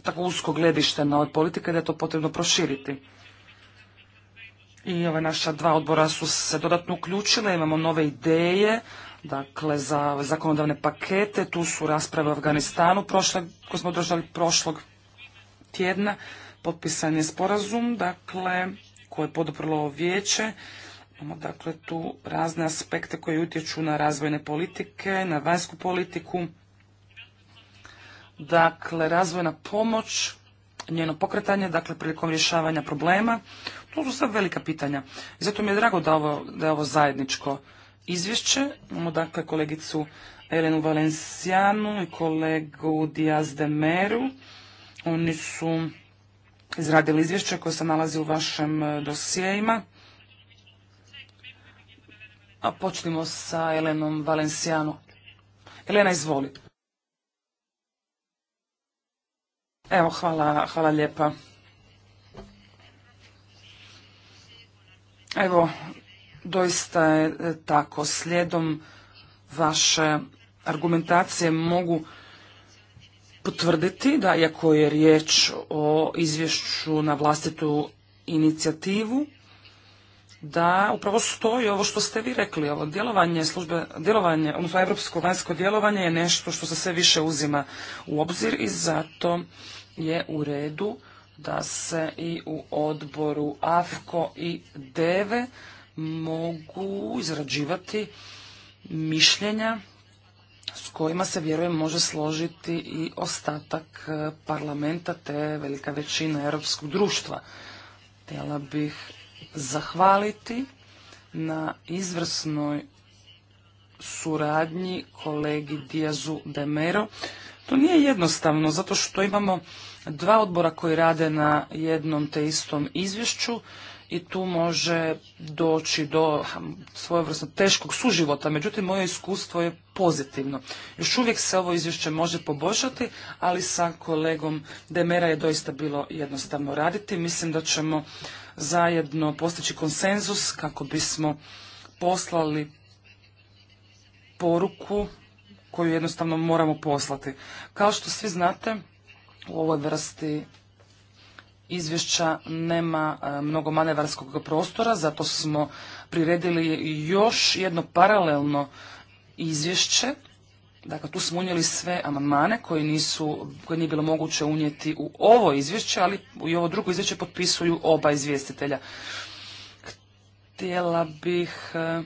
[SPEAKER 1] tako usko gledište na ove politike, da je to potrebno proširiti. I ova naša dva odbora su se dodatno uključile, imamo nove ideje, dakle za zakonodavne pakete, tu su rasprave u Afganistanu prošle, koje smo održali prošlog tjedna, potpisan je sporazum, dakle, koje je podoprlo vijeće, imamo dakle tu razne aspekte koje utječu na razvojne politike, na vanjsku politiku, dakle razvojna pomoć njeno pokretanje, dakle prilikom rješavanja problema. To su sve velika pitanja. I zato mi je drago da, ovo, da je ovo zajedničko izvješće. Imamo dakle kolegicu Elenu Valencijanu i kolegu Diaz de Meru. Oni su izradili izvješće koje se nalazi u vašem e, dosijejima. A počnimo sa Elenom Valencijanu. Elena, izvoli. Evo, hvala, hvala lijepa. Evo, doista je e, tako. Slijedom vaše argumentacije mogu potvrditi da, iako je riječ o izvješću na vlastitu inicijativu, da upravo stoji ovo što ste vi rekli, ovo djelovanje službe, djelovanje, odnosno evropsko vanjsko djelovanje je nešto što se sve više uzima u obzir i zato je u redu da se i u odboru AFKO i DEVE mogu izrađivati mišljenja s kojima se vjerujem može složiti i ostatak eh, parlamenta te velika većina europskog društva. Htjela bih zahvaliti na izvrsnoj suradnji kolegi Dijazu Demero. To nije jednostavno, zato što imamo dva odbora koji rade na jednom te istom izvješću i tu može doći do svojevrsno teškog suživota. Međutim, moje iskustvo je pozitivno. Još uvijek se ovo izvješće može poboljšati, ali sa kolegom Demera je doista bilo jednostavno raditi. Mislim da ćemo zajedno postići konsenzus kako bismo poslali poruku koju jednostavno moramo poslati. Kao što svi znate, u ovoj vrsti izvješća nema e, mnogo manevarskog prostora, zato smo priredili još jedno paralelno izvješće Dakle, tu smo unijeli sve amandmane koje nisu, koje nije bilo moguće unijeti u ovo izvješće, ali i ovo drugo izvješće potpisuju oba izvjestitelja. Htjela bih eh,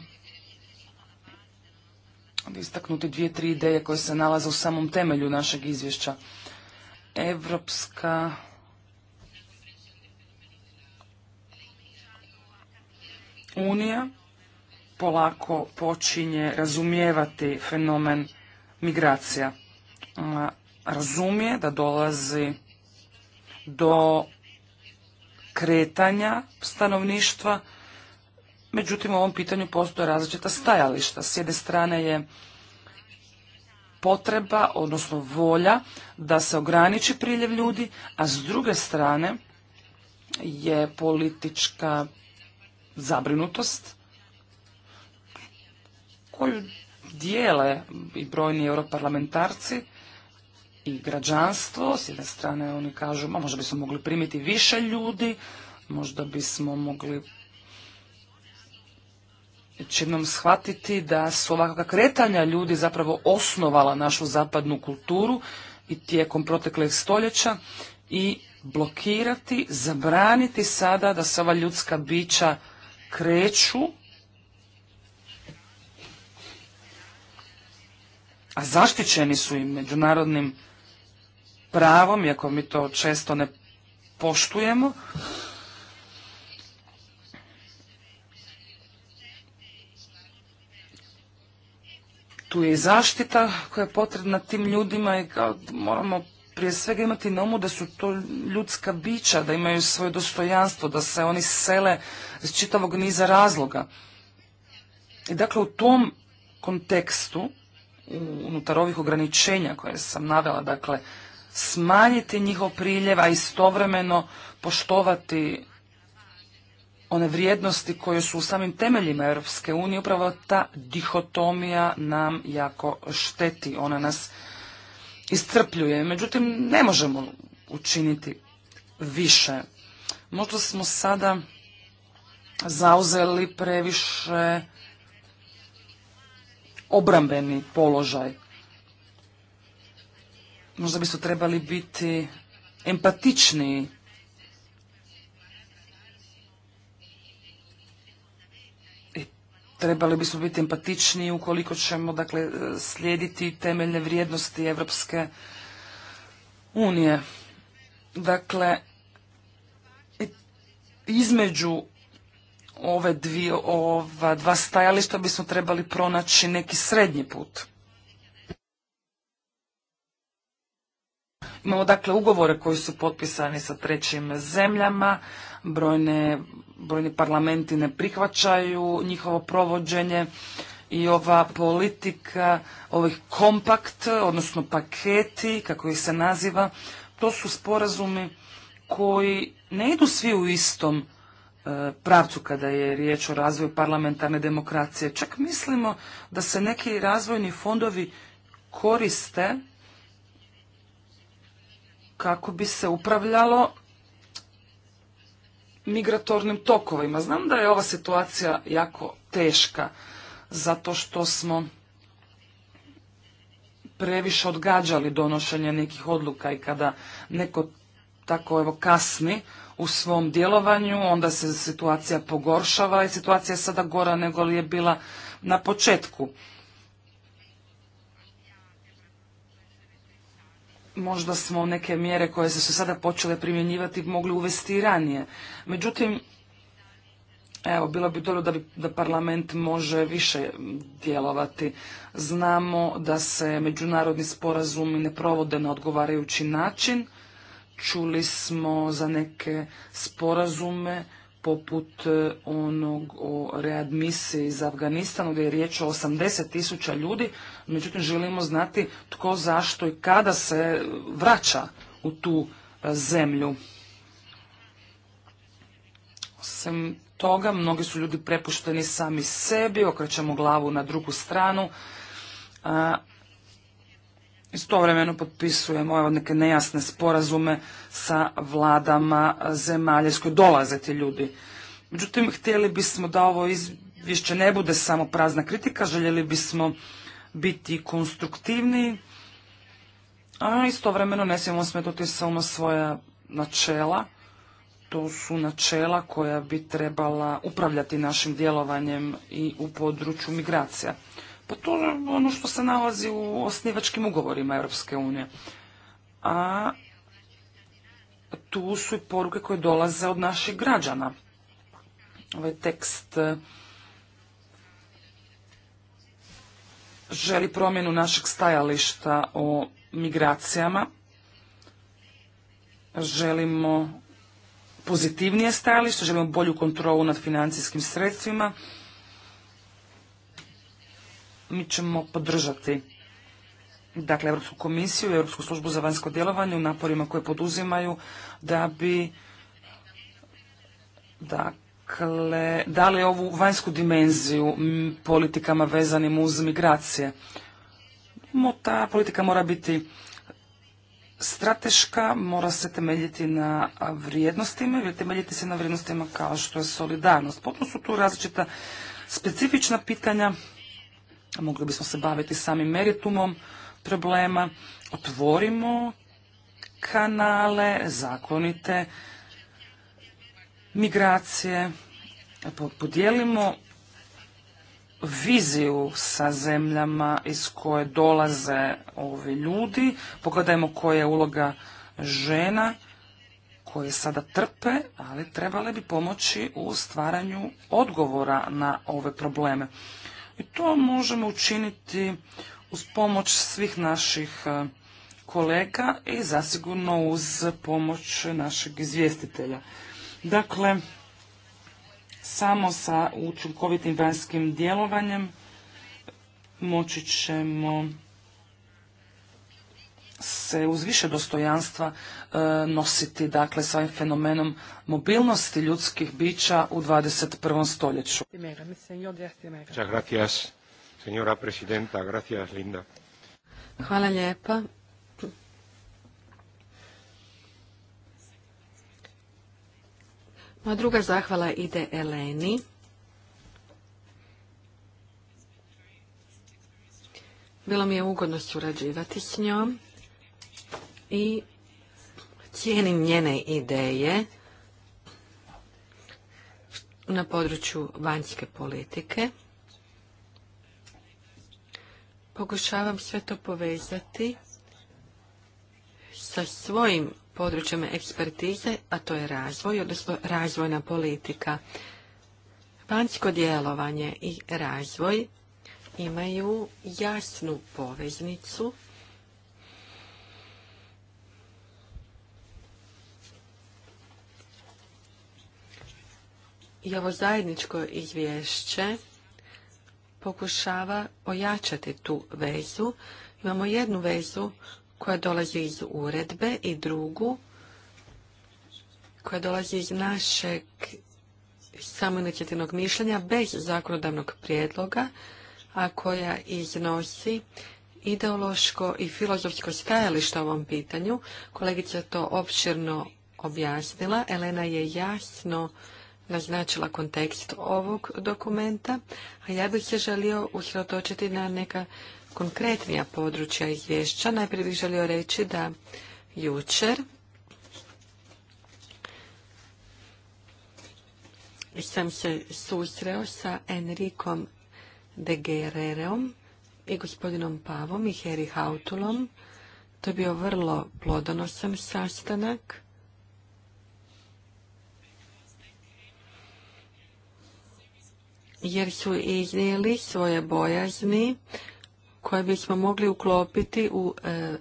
[SPEAKER 1] istaknuti dvije, tri ideje koje se nalaze u samom temelju našeg izvješća. Evropska unija polako počinje razumijevati fenomen migracija. Razumije da dolazi do kretanja stanovništva, međutim u ovom pitanju postoje različita stajališta. S jedne strane je potreba, odnosno volja da se ograniči priljev ljudi, a s druge strane je politička zabrinutost koju dijele i brojni europarlamentarci i građanstvo. S jedne strane oni kažu, ma možda bismo mogli primiti više ljudi, možda bismo mogli jednom shvatiti da su ovakva kretanja ljudi zapravo osnovala našu zapadnu kulturu i tijekom proteklih stoljeća i blokirati, zabraniti sada da se ova ljudska bića kreću a zaštićeni su i međunarodnim pravom, iako mi to često ne poštujemo. Tu je i zaštita koja je potrebna tim ljudima i kao moramo prije svega imati na umu da su to ljudska bića, da imaju svoje dostojanstvo, da se oni sele iz čitavog niza razloga. I dakle u tom kontekstu unutar ovih ograničenja koje sam navela, dakle, smanjiti njihov priljev, a istovremeno poštovati one vrijednosti koje su u samim temeljima Europske unije, upravo ta dihotomija nam jako šteti, ona nas iscrpljuje. Međutim, ne možemo učiniti više. Možda smo sada zauzeli previše obrambeni položaj. Možda bismo trebali biti empatičniji trebali bismo biti empatičniji ukoliko ćemo dakle slijediti temeljne vrijednosti Evropske unije. Dakle, između ove dvije, ova dva stajališta bismo trebali pronaći neki srednji put. Imamo dakle ugovore koji su potpisani sa trećim zemljama, brojne, brojni parlamenti ne prihvaćaju njihovo provođenje i ova politika, ovih kompakt, odnosno paketi, kako ih se naziva, to su sporazumi koji ne idu svi u istom E, pravcu kada je riječ o razvoju parlamentarne demokracije. Čak mislimo da se neki razvojni fondovi koriste kako bi se upravljalo migratornim tokovima. Znam da je ova situacija jako teška zato što smo previše odgađali donošenje nekih odluka i kada neko tako evo kasni u svom djelovanju, onda se situacija pogoršava i situacija je sada gora nego li je bila na početku. Možda smo neke mjere koje se su sada počele primjenjivati mogli uvesti i ranije. Međutim, Evo, bilo bi dobro da, bi, da parlament može više djelovati. Znamo da se međunarodni sporazumi ne provode na odgovarajući način. Čuli smo za neke sporazume poput e, onog o readmisiji iz Afganistanu gdje je riječ o 80 tisuća ljudi, međutim želimo znati tko zašto i kada se vraća u tu e, zemlju. Osim toga, mnogi su ljudi prepušteni sami sebi, okrećemo glavu na drugu stranu, a Istovremeno potpisujemo neke nejasne sporazume sa vladama zemalja s koje dolaze ti ljudi. Međutim, htjeli bismo da ovo izvješće ne bude samo prazna kritika, željeli bismo biti konstruktivniji, a istovremeno ne smijemo smetnuti samo svoja načela. To su načela koja bi trebala upravljati našim djelovanjem i u području migracija. Pa to je ono što se nalazi u osnivačkim ugovorima Europske unije. A tu su i poruke koje dolaze od naših građana. Ovaj tekst eh, želi promjenu našeg stajališta o migracijama. Želimo pozitivnije stajalište, želimo bolju kontrolu nad financijskim sredstvima mi ćemo podržati dakle Europsku komisiju i Europsku službu za vanjsko djelovanje u naporima koje poduzimaju da bi dakle dali ovu vanjsku dimenziju politikama vezanim uz migracije. Ta politika mora biti strateška, mora se temeljiti na vrijednostima ili temeljiti se na vrijednostima kao što je solidarnost. Potom su tu različita specifična pitanja mogli bismo se baviti samim meritumom problema, otvorimo kanale, zakonite migracije, podijelimo viziju sa zemljama iz koje dolaze ovi ljudi, pogledajmo koja je uloga žena koje sada trpe, ali trebale bi pomoći u stvaranju odgovora na ove probleme. I to možemo učiniti uz pomoć svih naših e, kolega i zasigurno uz pomoć našeg izvjestitelja. Dakle, samo sa učinkovitim vanjskim djelovanjem moći ćemo se uz više dostojanstva e, nositi dakle s ovim fenomenom mobilnosti ljudskih bića u 21. stoljeću. Hvala lijepa.
[SPEAKER 3] Moja druga zahvala ide Eleni. Bilo mi je ugodno surađivati s njom i cijenim njene ideje na području vanjske politike. Pokušavam sve to povezati sa svojim područjem ekspertize, a to je razvoj, odnosno razvojna politika. Vanjsko djelovanje i razvoj imaju jasnu poveznicu I ovo zajedničko izvješće pokušava ojačati tu vezu. Imamo jednu vezu koja dolazi iz uredbe i drugu koja dolazi iz našeg samoinicijativnog mišljenja bez zakonodavnog prijedloga, a koja iznosi ideološko i filozofsko stajalište o ovom pitanju. Kolegica to opširno objasnila. Elena je jasno naznačila kontekst ovog dokumenta, a ja bih se želio usredotočiti na neka konkretnija područja izvješća. Najprije bih želio reći da jučer sam se susreo sa Enrikom de Guerrerom i gospodinom Pavom i Heri Hautulom. To je bio vrlo plodonosan sastanak. jer su iznijeli svoje bojazni koje bismo mogli uklopiti u e,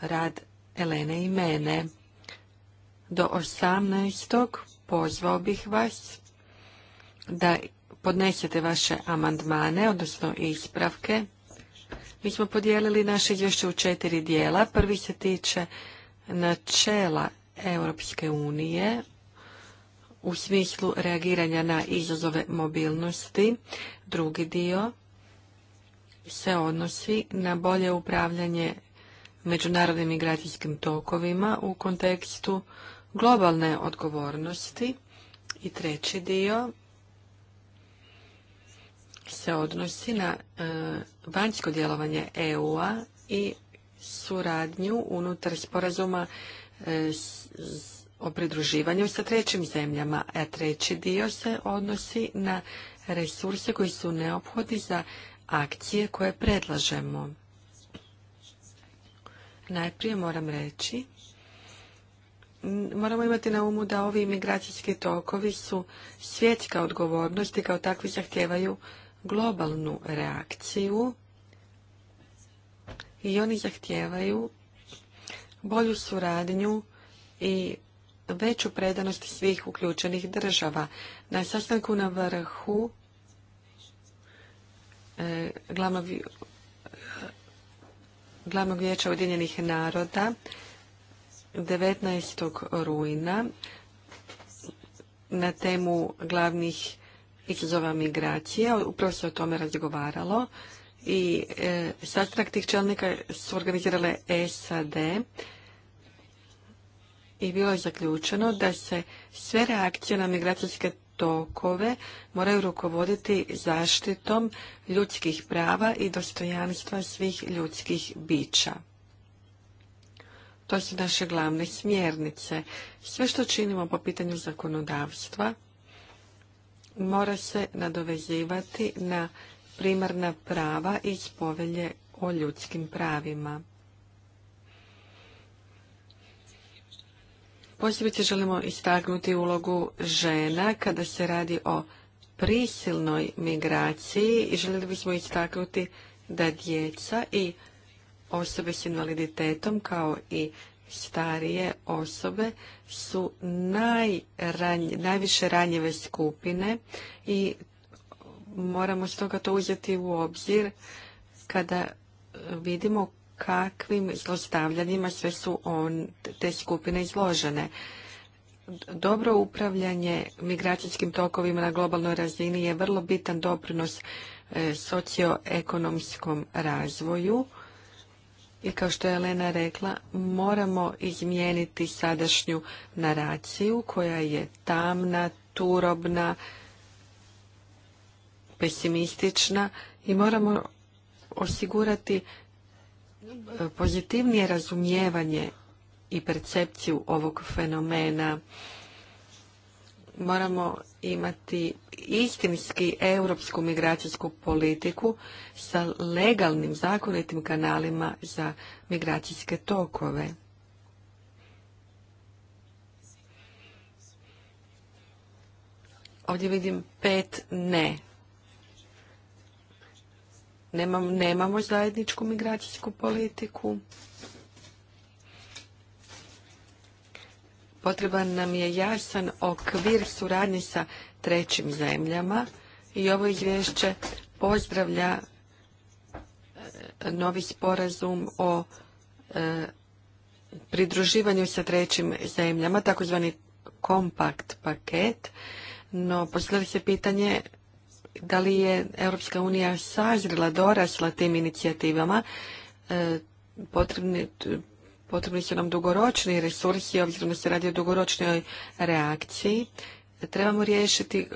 [SPEAKER 3] rad Elene i mene. Do 18. pozvao bih vas da podnesete vaše amandmane, odnosno ispravke. Mi smo podijelili naše izvješće u četiri dijela. Prvi se tiče načela Europske unije u smislu reagiranja na izazove mobilnosti. Drugi dio se odnosi na bolje upravljanje međunarodnim migracijskim tokovima u kontekstu globalne odgovornosti. I treći dio se odnosi na e, vanjsko djelovanje EU-a i suradnju unutar sporazuma e, s o pridruživanju sa trećim zemljama, a treći dio se odnosi na resurse koji su neophodni za akcije koje predlažemo. Najprije moram reći, moramo imati na umu da ovi imigracijski tokovi su svjetska odgovornost i kao takvi zahtijevaju globalnu reakciju i oni zahtijevaju bolju suradnju i veću predanost svih uključenih država. Na sastanku na vrhu e, glavnog, glavnog vijeća Ujedinjenih naroda 19. rujna na temu glavnih izazova migracije. Upravo se o tome razgovaralo i e, sastanak tih čelnika su organizirale SAD i bilo je zaključeno da se sve reakcije na migracijske tokove moraju rukovoditi zaštitom ljudskih prava i dostojanstva svih ljudskih bića. To su naše glavne smjernice. Sve što činimo po pitanju zakonodavstva mora se nadovezivati na primarna prava iz povelje o ljudskim pravima. Posebice želimo istaknuti ulogu žena kada se radi o prisilnoj migraciji i željeli bismo istaknuti da djeca i osobe s invaliditetom kao i starije osobe su najviše ranjive skupine i moramo stoga to uzeti u obzir kada vidimo kakvim zlostavljanjima sve su on, te skupine izložene. Dobro upravljanje migracijskim tokovima na globalnoj razini je vrlo bitan doprinos e, socioekonomskom razvoju. I kao što je Elena rekla, moramo izmijeniti sadašnju naraciju koja je tamna, turobna, pesimistična i moramo osigurati pozitivnije razumijevanje i percepciju ovog fenomena moramo imati istinski europsku migracijsku politiku sa legalnim zakonitim kanalima za migracijske tokove. Ovdje vidim pet ne nemamo zajedničku migracijsku politiku. Potreban nam je jasan okvir suradnje sa trećim zemljama i ovo izvješće pozdravlja e, novi sporazum o e, pridruživanju sa trećim zemljama, takozvani kompakt paket, no postavlja se pitanje da li je Europska unija sazrila, dorasla tim inicijativama, e, potrebni, potrebni su nam dugoročni resursi, obzirom da se radi o dugoročnoj reakciji. Trebamo riješiti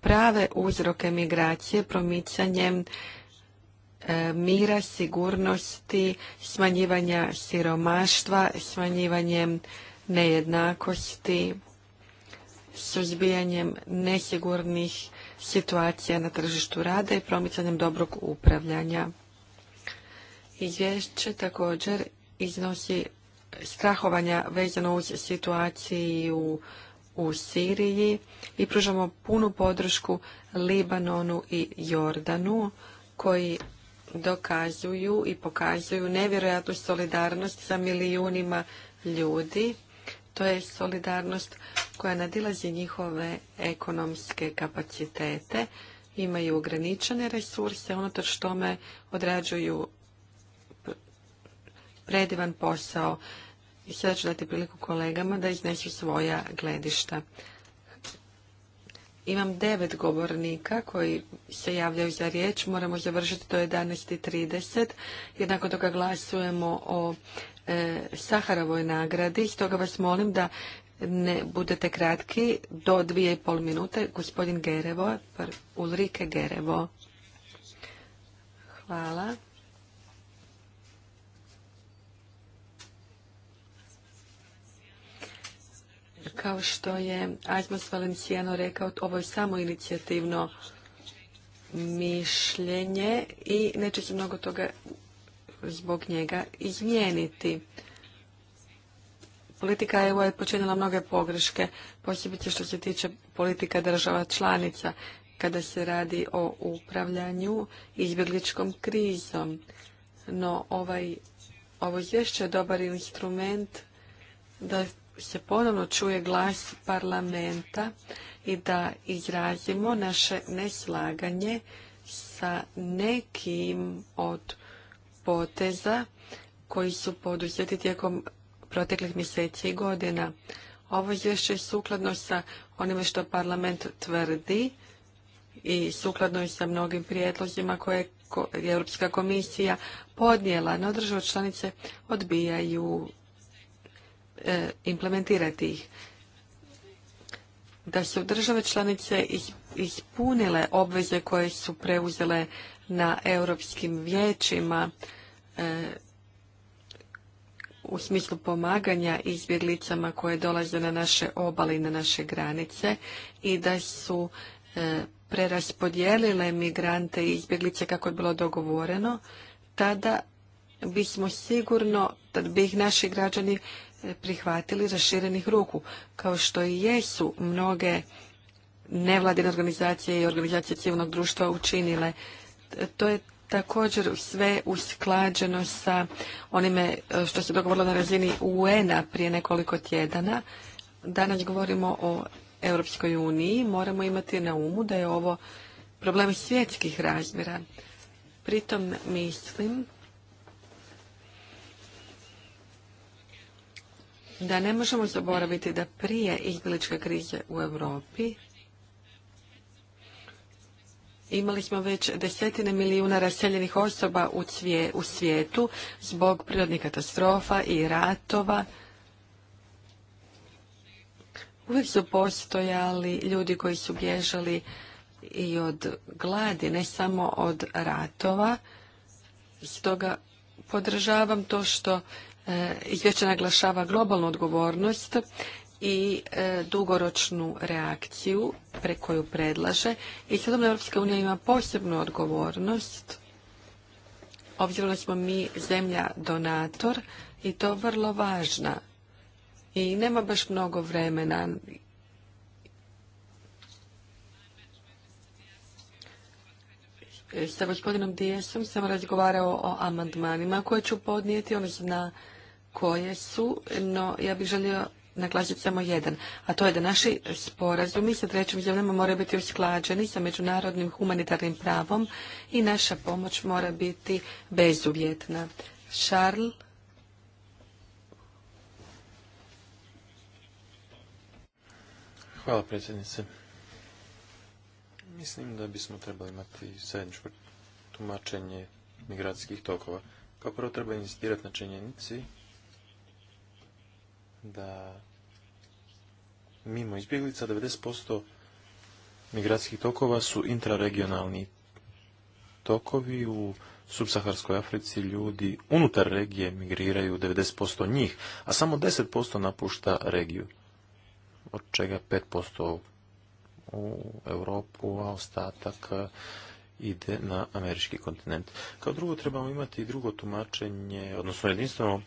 [SPEAKER 3] prave uzroke migracije promicanjem e, mira, sigurnosti, smanjivanja siromaštva, smanjivanjem nejednakosti, suzbijanjem nesigurnih situacija na tržištu rada i promicanjem dobrog upravljanja. Izvješće također iznosi strahovanja vezano uz situaciju u Siriji i pružamo punu podršku Libanonu i Jordanu koji dokazuju i pokazuju nevjerojatnu solidarnost sa milijunima ljudi to je solidarnost koja nadilazi njihove ekonomske kapacitete, imaju ograničene resurse, unatoč tome odrađuju predivan posao. I sada ću dati priliku kolegama da iznesu svoja gledišta. Imam devet govornika koji se javljaju za riječ. Moramo završiti do 11.30 jer nakon toga glasujemo o e, Saharovoj nagradi. Stoga vas molim da ne budete kratki do dvije i pol minute. Gospodin Gerevo, Ulrike Gerevo. Hvala. Kao što je Azmos Valenciano rekao, ovo je samo inicijativno mišljenje i neće se mnogo toga zbog njega izmijeniti. Politika EU je počinjela mnoge pogreške, posebice što se tiče politika država članica, kada se radi o upravljanju izbjegličkom krizom. No, ovaj, ovo izvješće je dobar instrument da se ponovno čuje glas parlamenta i da izrazimo naše neslaganje sa nekim od poteza koji su poduzeti tijekom proteklih mjeseci i godina. Ovo izvješće je sukladno sa onime što parlament tvrdi i sukladno i sa mnogim prijedlozima koje je Europska komisija podnijela, na države članice odbijaju E, implementirati ih. Da su države članice ispunile obveze koje su preuzele na europskim vijećima e, u smislu pomaganja izbjeglicama koje dolaze na naše obale i na naše granice i da su e, preraspodijelile migrante i izbjeglice kako je bilo dogovoreno, tada bismo sigurno, tada bi ih naši građani prihvatili raširenih ruku, kao što i jesu mnoge nevladine organizacije i organizacije civilnog društva učinile. To je također sve usklađeno sa onime e, što se dogovorilo na razini UN-a prije nekoliko tjedana. Danas govorimo o Europskoj uniji. Moramo imati na umu da je ovo problem svjetskih razmjera. Pritom mislim da ne možemo zaboraviti da prije izbjegličke krize u Europi imali smo već desetine milijuna raseljenih osoba u, u svijetu zbog prirodnih katastrofa i ratova. Uvijek su postojali ljudi koji su bježali i od gladi, ne samo od ratova. Stoga podržavam to što E, izvješće naglašava globalnu odgovornost i e, dugoročnu reakciju pre koju predlaže. I sada Europska unija ima posebnu odgovornost, obzirom da smo mi zemlja donator i to vrlo važna. I nema baš mnogo vremena e, sa gospodinom Dijesom sam razgovarao o amandmanima koje ću podnijeti. On zna koje su, no ja bih želio naglasiti samo jedan, a to je da naši sporazumi sa trećim zemljama moraju biti usklađeni sa međunarodnim humanitarnim pravom i naša pomoć mora biti bezuvjetna. Charles?
[SPEAKER 2] Hvala predsjednice. Mislim da bismo trebali imati zajedničko tumačenje migracijskih tokova. Kao prvo treba insistirati na činjenici da mimo izbjeglica 90% migracijskih tokova su intraregionalni tokovi u subsaharskoj Africi ljudi unutar regije migriraju 90% njih, a samo 10% napušta regiju, od čega 5% u Europu, a ostatak ide na američki kontinent. Kao drugo trebamo imati drugo tumačenje, odnosno jedinstveno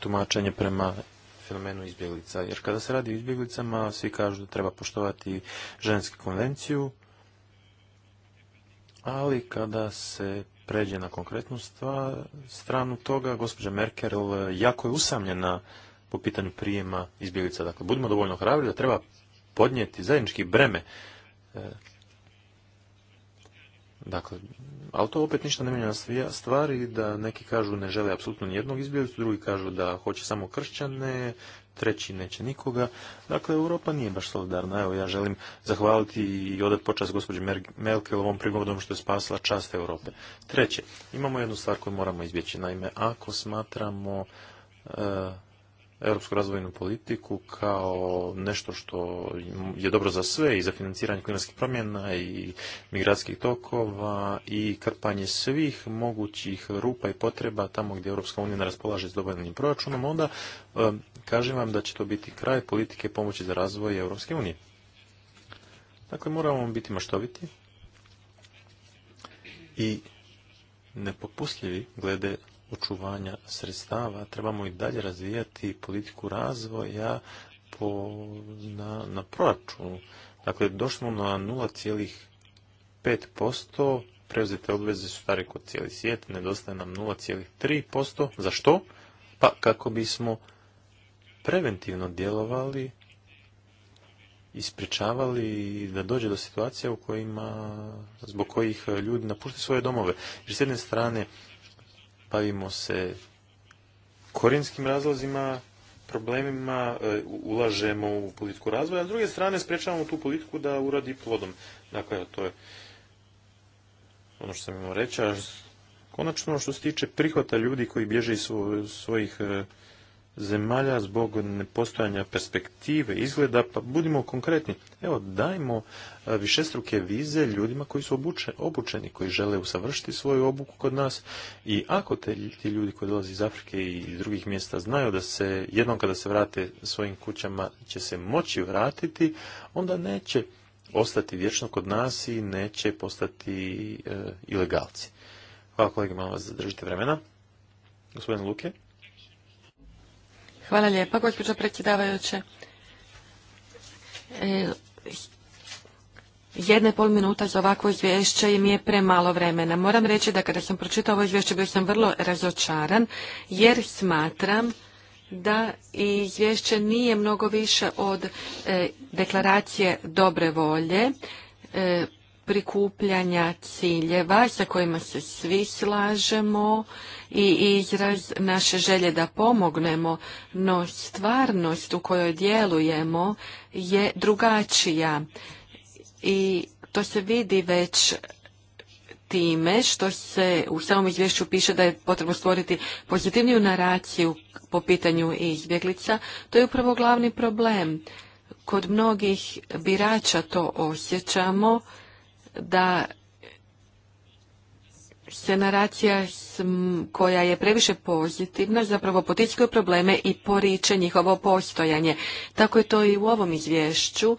[SPEAKER 2] tumačenje prema fenomenu izbjeglica. Jer kada se radi o izbjeglicama, svi kažu da treba poštovati žensku konvenciju, ali kada se pređe na konkretnu stranu toga, gospođa Merkel jako je usamljena po pitanju prijema izbjeglica. Dakle, budimo dovoljno hrabri da treba podnijeti zajednički breme. E, dakle, ali to opet ništa ne mijenja stvari, da neki kažu ne žele apsolutno nijednog izbjeglicu, drugi kažu da hoće samo kršćane, treći neće nikoga. Dakle, Europa nije baš solidarna. Evo, ja želim zahvaliti i odat počas gospođe Merkel ovom prigodom što je spasila čast Europe. Treće, imamo jednu stvar koju moramo izbjeći. Naime, ako smatramo e, europsku razvojnu politiku kao nešto što je dobro za sve i za financiranje klimatskih promjena i migracijskih tokova i krpanje svih mogućih rupa i potreba tamo gdje Europska unija ne raspolaže s dovoljnim proračunom, onda kažem vam da će to biti kraj politike pomoći za razvoj Europske unije. Dakle, moramo biti maštoviti i nepopustljivi glede očuvanja sredstava, trebamo i dalje razvijati politiku razvoja po, na, na proračunu. Dakle, došli smo na 0,5%, preuzete obveze su stare kod cijeli svijet, nedostaje nam 0,3%. Za što? Pa kako bismo preventivno djelovali ispričavali da dođe do situacija u kojima, zbog kojih ljudi napuštaju svoje domove. Jer s jedne strane bavimo se korinskim razlozima, problemima, e, ulažemo u politiku razvoja, a s druge strane sprečavamo tu politiku da uradi plodom. Dakle, to je ono što sam imao reći, a konačno što se tiče prihvata ljudi koji bježe iz svojih e, zemalja zbog nepostojanja perspektive, izgleda, pa budimo konkretni. Evo, dajmo višestruke vize ljudima koji su obučeni, koji žele usavršiti svoju obuku kod nas i ako ti ljudi koji dolaze iz Afrike i drugih mjesta znaju da se jednom kada se vrate svojim kućama će se moći vratiti, onda neće ostati vječno kod nas i neće postati e, ilegalci. Hvala kolege, malo vas zadržite vremena. Gospodin Luke.
[SPEAKER 3] Hvala lijepa, gospođo predsjedavajuće. i e, pol minuta za ovakvo izvješće mi je premalo vremena. Moram reći da kada sam pročitao ovo izvješće bio sam vrlo razočaran jer smatram da izvješće nije mnogo više od e, deklaracije dobre volje. E, prikupljanja ciljeva sa kojima se svi slažemo i izraz naše želje da pomognemo, no stvarnost u kojoj djelujemo je drugačija i to se vidi već time što se u samom izvješću piše da je potrebno stvoriti pozitivniju naraciju po pitanju izbjeglica, to je upravo glavni problem. Kod mnogih birača to osjećamo, da se naracija koja je previše pozitivna zapravo potičkaju probleme i poriče njihovo postojanje. Tako je to i u ovom izvješću.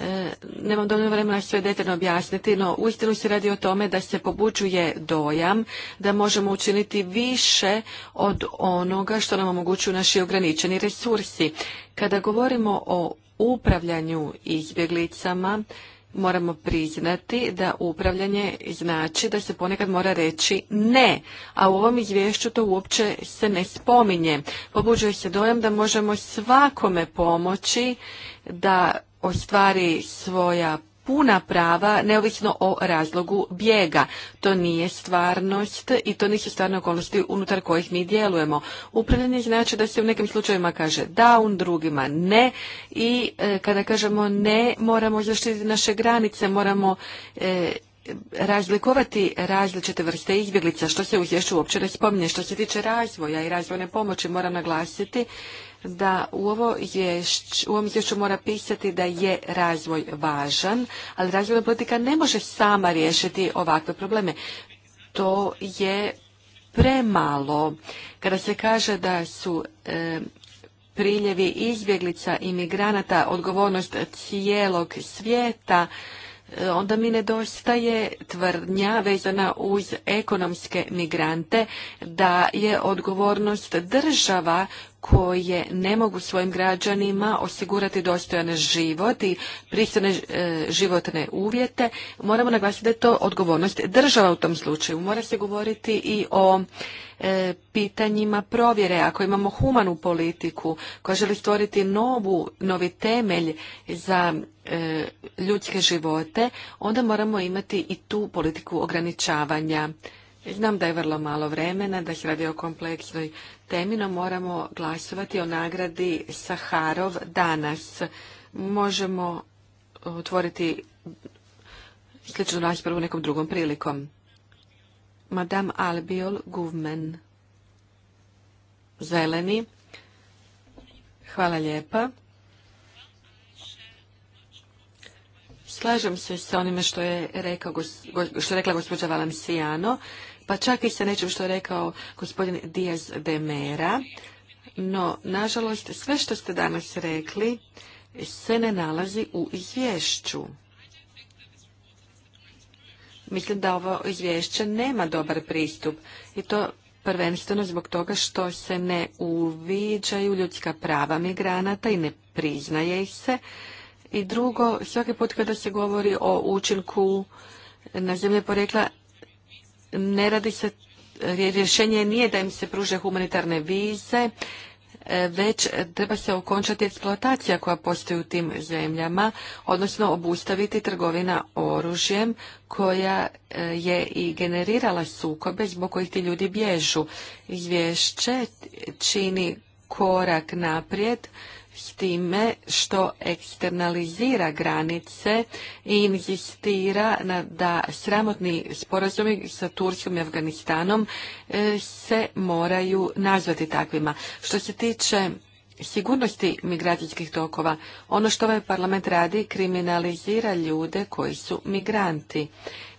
[SPEAKER 3] E, nemam dovoljno vremena sve detaljno objasniti, no uistinu se radi o tome da se pobuđuje dojam da možemo učiniti više od onoga što nam omogućuju naši ograničeni resursi. Kada govorimo o upravljanju izbjeglicama, moramo priznati da upravljanje znači da se ponekad mora reći ne, a u ovom izvješću to uopće se ne spominje. Pobuđuje se dojam da možemo svakome pomoći da ostvari svoja puna prava neovisno o razlogu bijega. To nije stvarnost i to nisu stvarne okolnosti unutar kojih mi djelujemo. Upravljanje znači da se u nekim slučajevima kaže da, u drugima ne i e, kada kažemo ne moramo zaštiti naše granice, moramo e, razlikovati različite vrste izbjeglica, što se u izvješću uopće ne spominje. Što se tiče razvoja i razvojne pomoći, moram naglasiti da u, ovo ovom izvješću mora pisati da je razvoj važan, ali razvojna politika ne može sama riješiti ovakve probleme. To je premalo. Kada se kaže da su e, priljevi izbjeglica imigranata, odgovornost cijelog svijeta, E, onda mi nedostaje tvrdnja vezana uz ekonomske migrante da je odgovornost država koje ne mogu svojim građanima osigurati dostojan život i pristojne e, životne uvjete. Moramo naglasiti da je to odgovornost država u tom slučaju. Mora se govoriti i o e, pitanjima provjere. Ako imamo humanu politiku koja želi stvoriti novu, novi temelj za E, ljudske živote, onda moramo imati i tu politiku ograničavanja. Znam da je vrlo malo vremena, da se radi o kompleksnoj temi, no moramo glasovati o nagradi Saharov danas. Možemo otvoriti sličnu raspravu nekom drugom prilikom. Madame Albiol Guvmen. Zeleni. Hvala lijepa. Slažem se sa onime što je, rekao, što je rekla gospođa Valencijano, pa čak i sa nečim što je rekao gospodin Diaz de Mera, no, nažalost, sve što ste danas rekli se ne nalazi u izvješću. Mislim da ovo izvješće nema dobar pristup i to prvenstveno zbog toga što se ne uviđaju ljudska prava migranata i ne priznaje ih se. I drugo, svaki put kada se govori o učinku na zemlje porekla, ne radi se, e, rješenje nije da im se pruže humanitarne vize, e, već treba se okončati eksploatacija koja postoji u tim zemljama, odnosno obustaviti trgovina oružjem koja e, je i generirala sukobe zbog kojih ti ljudi bježu. Izvješće čini korak naprijed s time što eksternalizira granice i inzistira na da sramotni sporazumi sa Turskom i Afganistanom e, se moraju nazvati takvima. Što se tiče sigurnosti migracijskih tokova, ono što ovaj parlament radi kriminalizira ljude koji su migranti.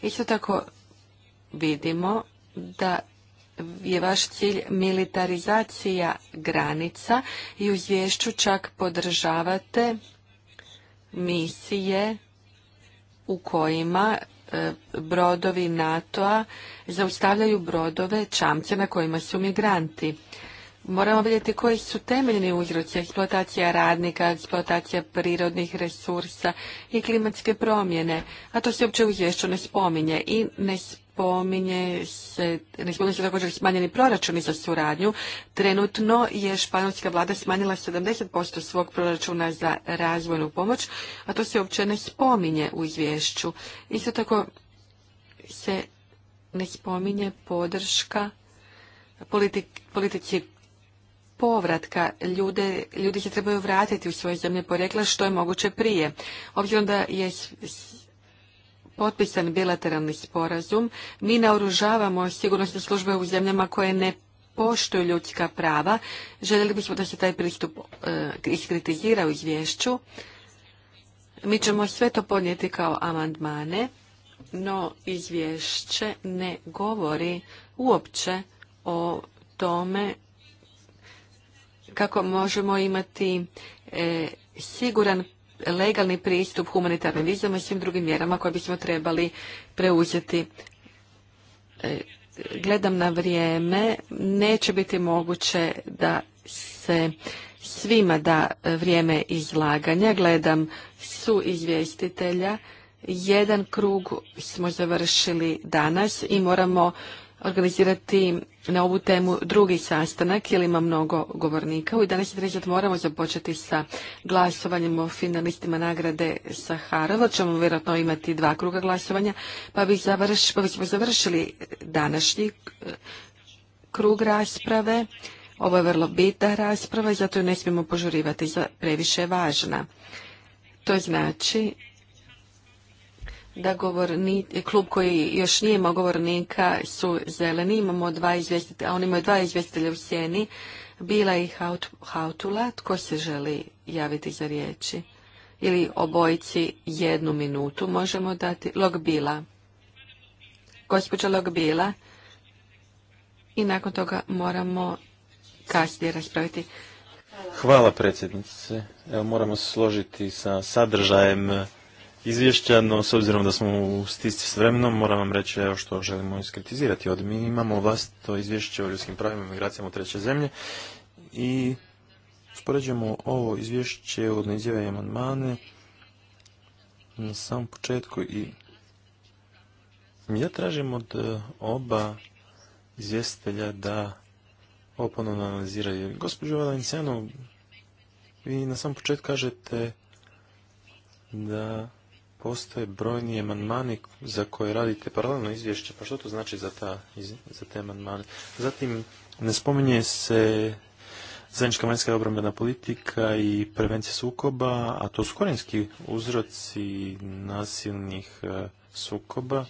[SPEAKER 3] Isto tako vidimo da je vaš cilj militarizacija granica i u izvješću čak podržavate misije u kojima e, brodovi NATO-a zaustavljaju brodove čamce na kojima su migranti. Moramo vidjeti koji su temeljni uzroci eksploatacija radnika, eksploatacija prirodnih resursa i klimatske promjene, a to se uopće u izvješću ne spominje i ne spominje spominje se, ne spominje se također smanjeni proračuni za suradnju. Trenutno je španjolska vlada smanjila 70% svog proračuna za razvojnu pomoć, a to se uopće ne spominje u izvješću. Isto tako se ne spominje podrška politici povratka ljude, ljudi se trebaju vratiti u svoje zemlje porekla što je moguće prije. Obzirom da je potpisan bilateralni sporazum, mi naoružavamo sigurnosne službe u zemljama koje ne poštuju ljudska prava. Željeli bismo da se taj pristup e, iskritizira u izvješću. Mi ćemo sve to podnijeti kao amandmane, no izvješće ne govori uopće o tome kako možemo imati e, siguran legalni pristup humanitarnim vizama i svim drugim mjerama koje bismo trebali preuzeti. E, gledam na vrijeme, neće biti moguće da se svima da vrijeme izlaganja. Gledam su izvjestitelja. Jedan krug smo završili danas i moramo organizirati na ovu temu drugi sastanak jer ima mnogo govornika. U 11.30 moramo započeti sa glasovanjem o finalistima nagrade Saharova. Ćemo vjerojatno imati dva kruga glasovanja pa bi, pa smo završili današnji eh, krug rasprave. Ovo je vrlo bitna rasprava i zato ju ne smijemo požurivati, previše važna. To znači da govorni, klub koji još nije imao govornika su zeleni, imamo dva izvjestitelja, oni imaju dva izvjestitelja u sjeni, Bila i Hautula, tko se želi javiti za riječi? Ili obojici jednu minutu možemo dati. Log bila. Gospođa Bila. I nakon toga moramo kasnije raspraviti.
[SPEAKER 2] Hvala predsjednice. Evo moramo se složiti sa sadržajem izvješća, no s obzirom da smo u stisci s vremenom, moram vam reći evo što želimo iskritizirati. Od mi imamo vlastito izvješće o ljudskim pravima i migracijama u treće zemlje i uspoređujemo ovo izvješće od izjave i amandmane na samom početku i ja tražim od e, oba izvjestitelja da ovo ponovno analiziraju. Gospođo Valenciano, vi na samom početku kažete da postoje brojni amandmani za koje radite paralelno izvješće. Pa što to znači za, ta, za te amandmane? Zatim, ne spominje se zajednička vanjska obrambena politika i prevencija sukoba, a to su korijenski uzroci nasilnih e, sukoba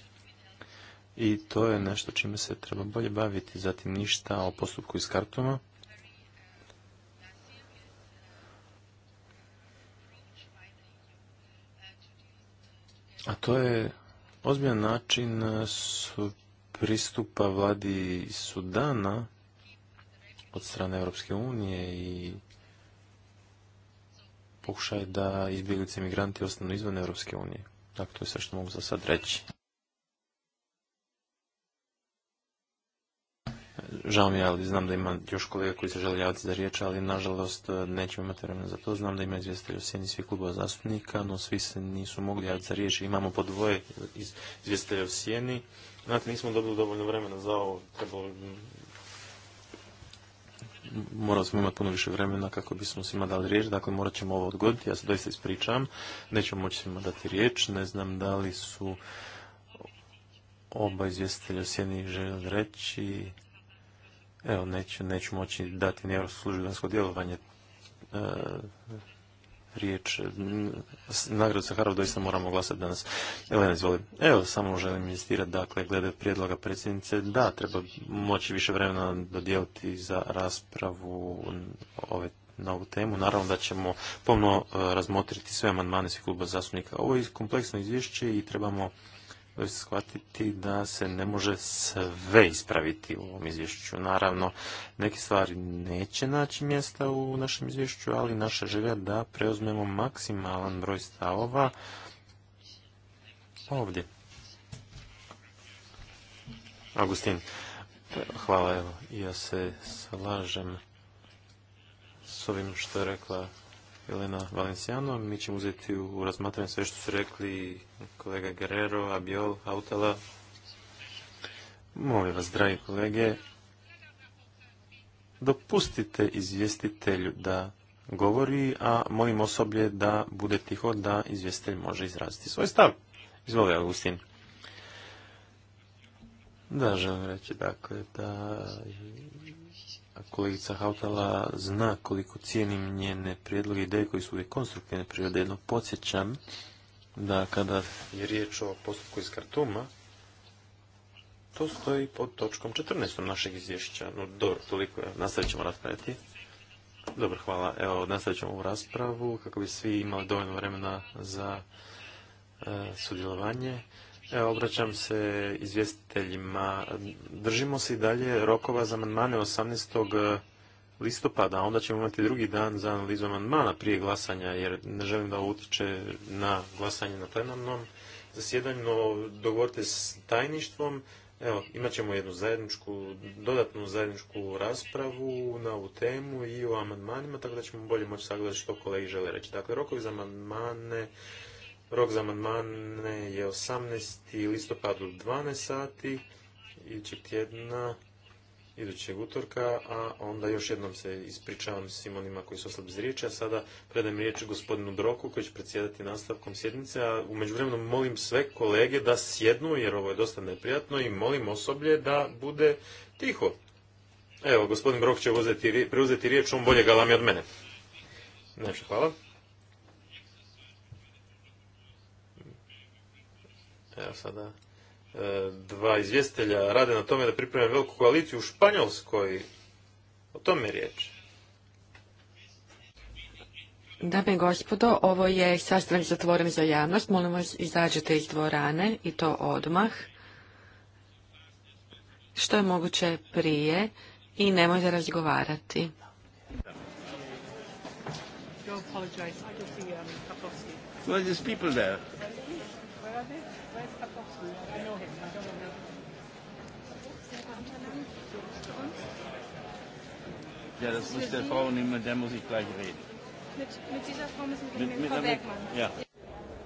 [SPEAKER 2] i to je nešto čime se treba bolje baviti. Zatim ništa o postupku iz kartuma. A to je ozbiljan način e, su pristupa vladi Sudana od strane Europske unije i pokušaj da izbjeglice migranti ostanu izvan Europske unije. Dakle, to je sve što mogu za sad reći. Žao mi je, ali znam da ima još kolega koji se žele javiti za riječ, ali nažalost e, nećemo imati vremena za to. Znam da ima izvjestitelj u sjeni svih klubova zastupnika, no svi se nisu mogli javiti za riječ. Imamo po dvoje izvjestitelja u sjeni. Znate, nismo dobili dovoljno vremena za ovo. Trebalo... Morali smo imati puno više vremena kako bismo svima dali riječ, dakle morat ćemo ovo odgoditi. Ja se doista ispričam. nećemo moći svima dati riječ. Ne znam da li su oba izvjestitelja u sjeni žele reći Evo, neću, moći dati ni Europsku djelovanje e, riječ. Nagradu Saharov doista moramo glasati danas. Elena, izvoli. Evo, samo želim investirati, dakle, glede prijedloga predsjednice. Da, treba moći više vremena dodijeliti za raspravu ove na ovu temu. Naravno da ćemo pomno e, razmotriti sve amandmane svih kluba zastupnika. Ovo je kompleksno izvješće i trebamo se shvatiti da se ne može sve ispraviti u ovom izvješću. Naravno, neke stvari neće naći mjesta u našem izvješću, ali naša želja da preuzmemo maksimalan broj stavova ovdje. Agustin, hvala, evo, ja se slažem s ovim što je rekla Elena Valenciano. Mi ćemo uzeti u razmatranje sve što su rekli kolega Guerrero, Abiol, Hautela. Molim vas, dragi kolege, dopustite izvjestitelju da govori, a molim osoblje da bude tiho, da izvjestitelj može izraziti svoj stav. Izvoli, Augustin. Da, želim reći, dakle, da kolegica Hautala zna koliko cijenim njene prijedloge ideje koji su uvijek konstruktivne prirode. Jedno podsjećam da kada je riječ o postupku iz kartuma, to stoji pod točkom 14. našeg izvješća. No, dobro, toliko je. Nastavit ćemo raspraviti. Dobro, hvala. Evo, nastavit ćemo ovu raspravu kako bi svi imali dovoljno vremena za e, sudjelovanje. Evo, obraćam se izvjestiteljima. Držimo se i dalje rokova za amandmane 18. E, listopada, onda ćemo imati drugi dan za analizu amandmana prije glasanja, jer ne želim da utječe na glasanje na plenarnom zasjedanju, no dogovorite s tajništvom. Evo, imat ćemo jednu zajedničku, dodatnu zajedničku raspravu na ovu temu i o amandmanima, tako da ćemo bolje moći sagledati što kolegi žele reći. Dakle, rokovi za amandmane Rok za amandmane je 18. listopad u 12 sati, idućeg tjedna, idućeg utorka, a onda još jednom se ispričavam svim onima koji su ostali bez riječi, a sada predajem riječ gospodinu Broku koji će predsjedati nastavkom sjednice, a umeđu međuvremenu molim sve kolege da sjednu jer ovo je dosta neprijatno i molim osoblje da bude tiho. Evo, gospodin Brok će preuzeti riječ, on bolje galami od mene. Najviše hvala. Evo sada e, dva izvjestitelja rade na tome da pripreme veliku koaliciju u Španjolskoj. O tome je riječ.
[SPEAKER 3] Dame i gospodo, ovo je sastanak zatvoren za javnost. Molim vas, izađite iz dvorane i to odmah. Što je moguće prije i nemojte razgovarati. Well, there's people there. Where are they? Ja, das muss der Frau nehmen, mit der muss ich gleich reden.
[SPEAKER 1] Mit, mit dieser Frau müssen wir mit, mit
[SPEAKER 3] Ja.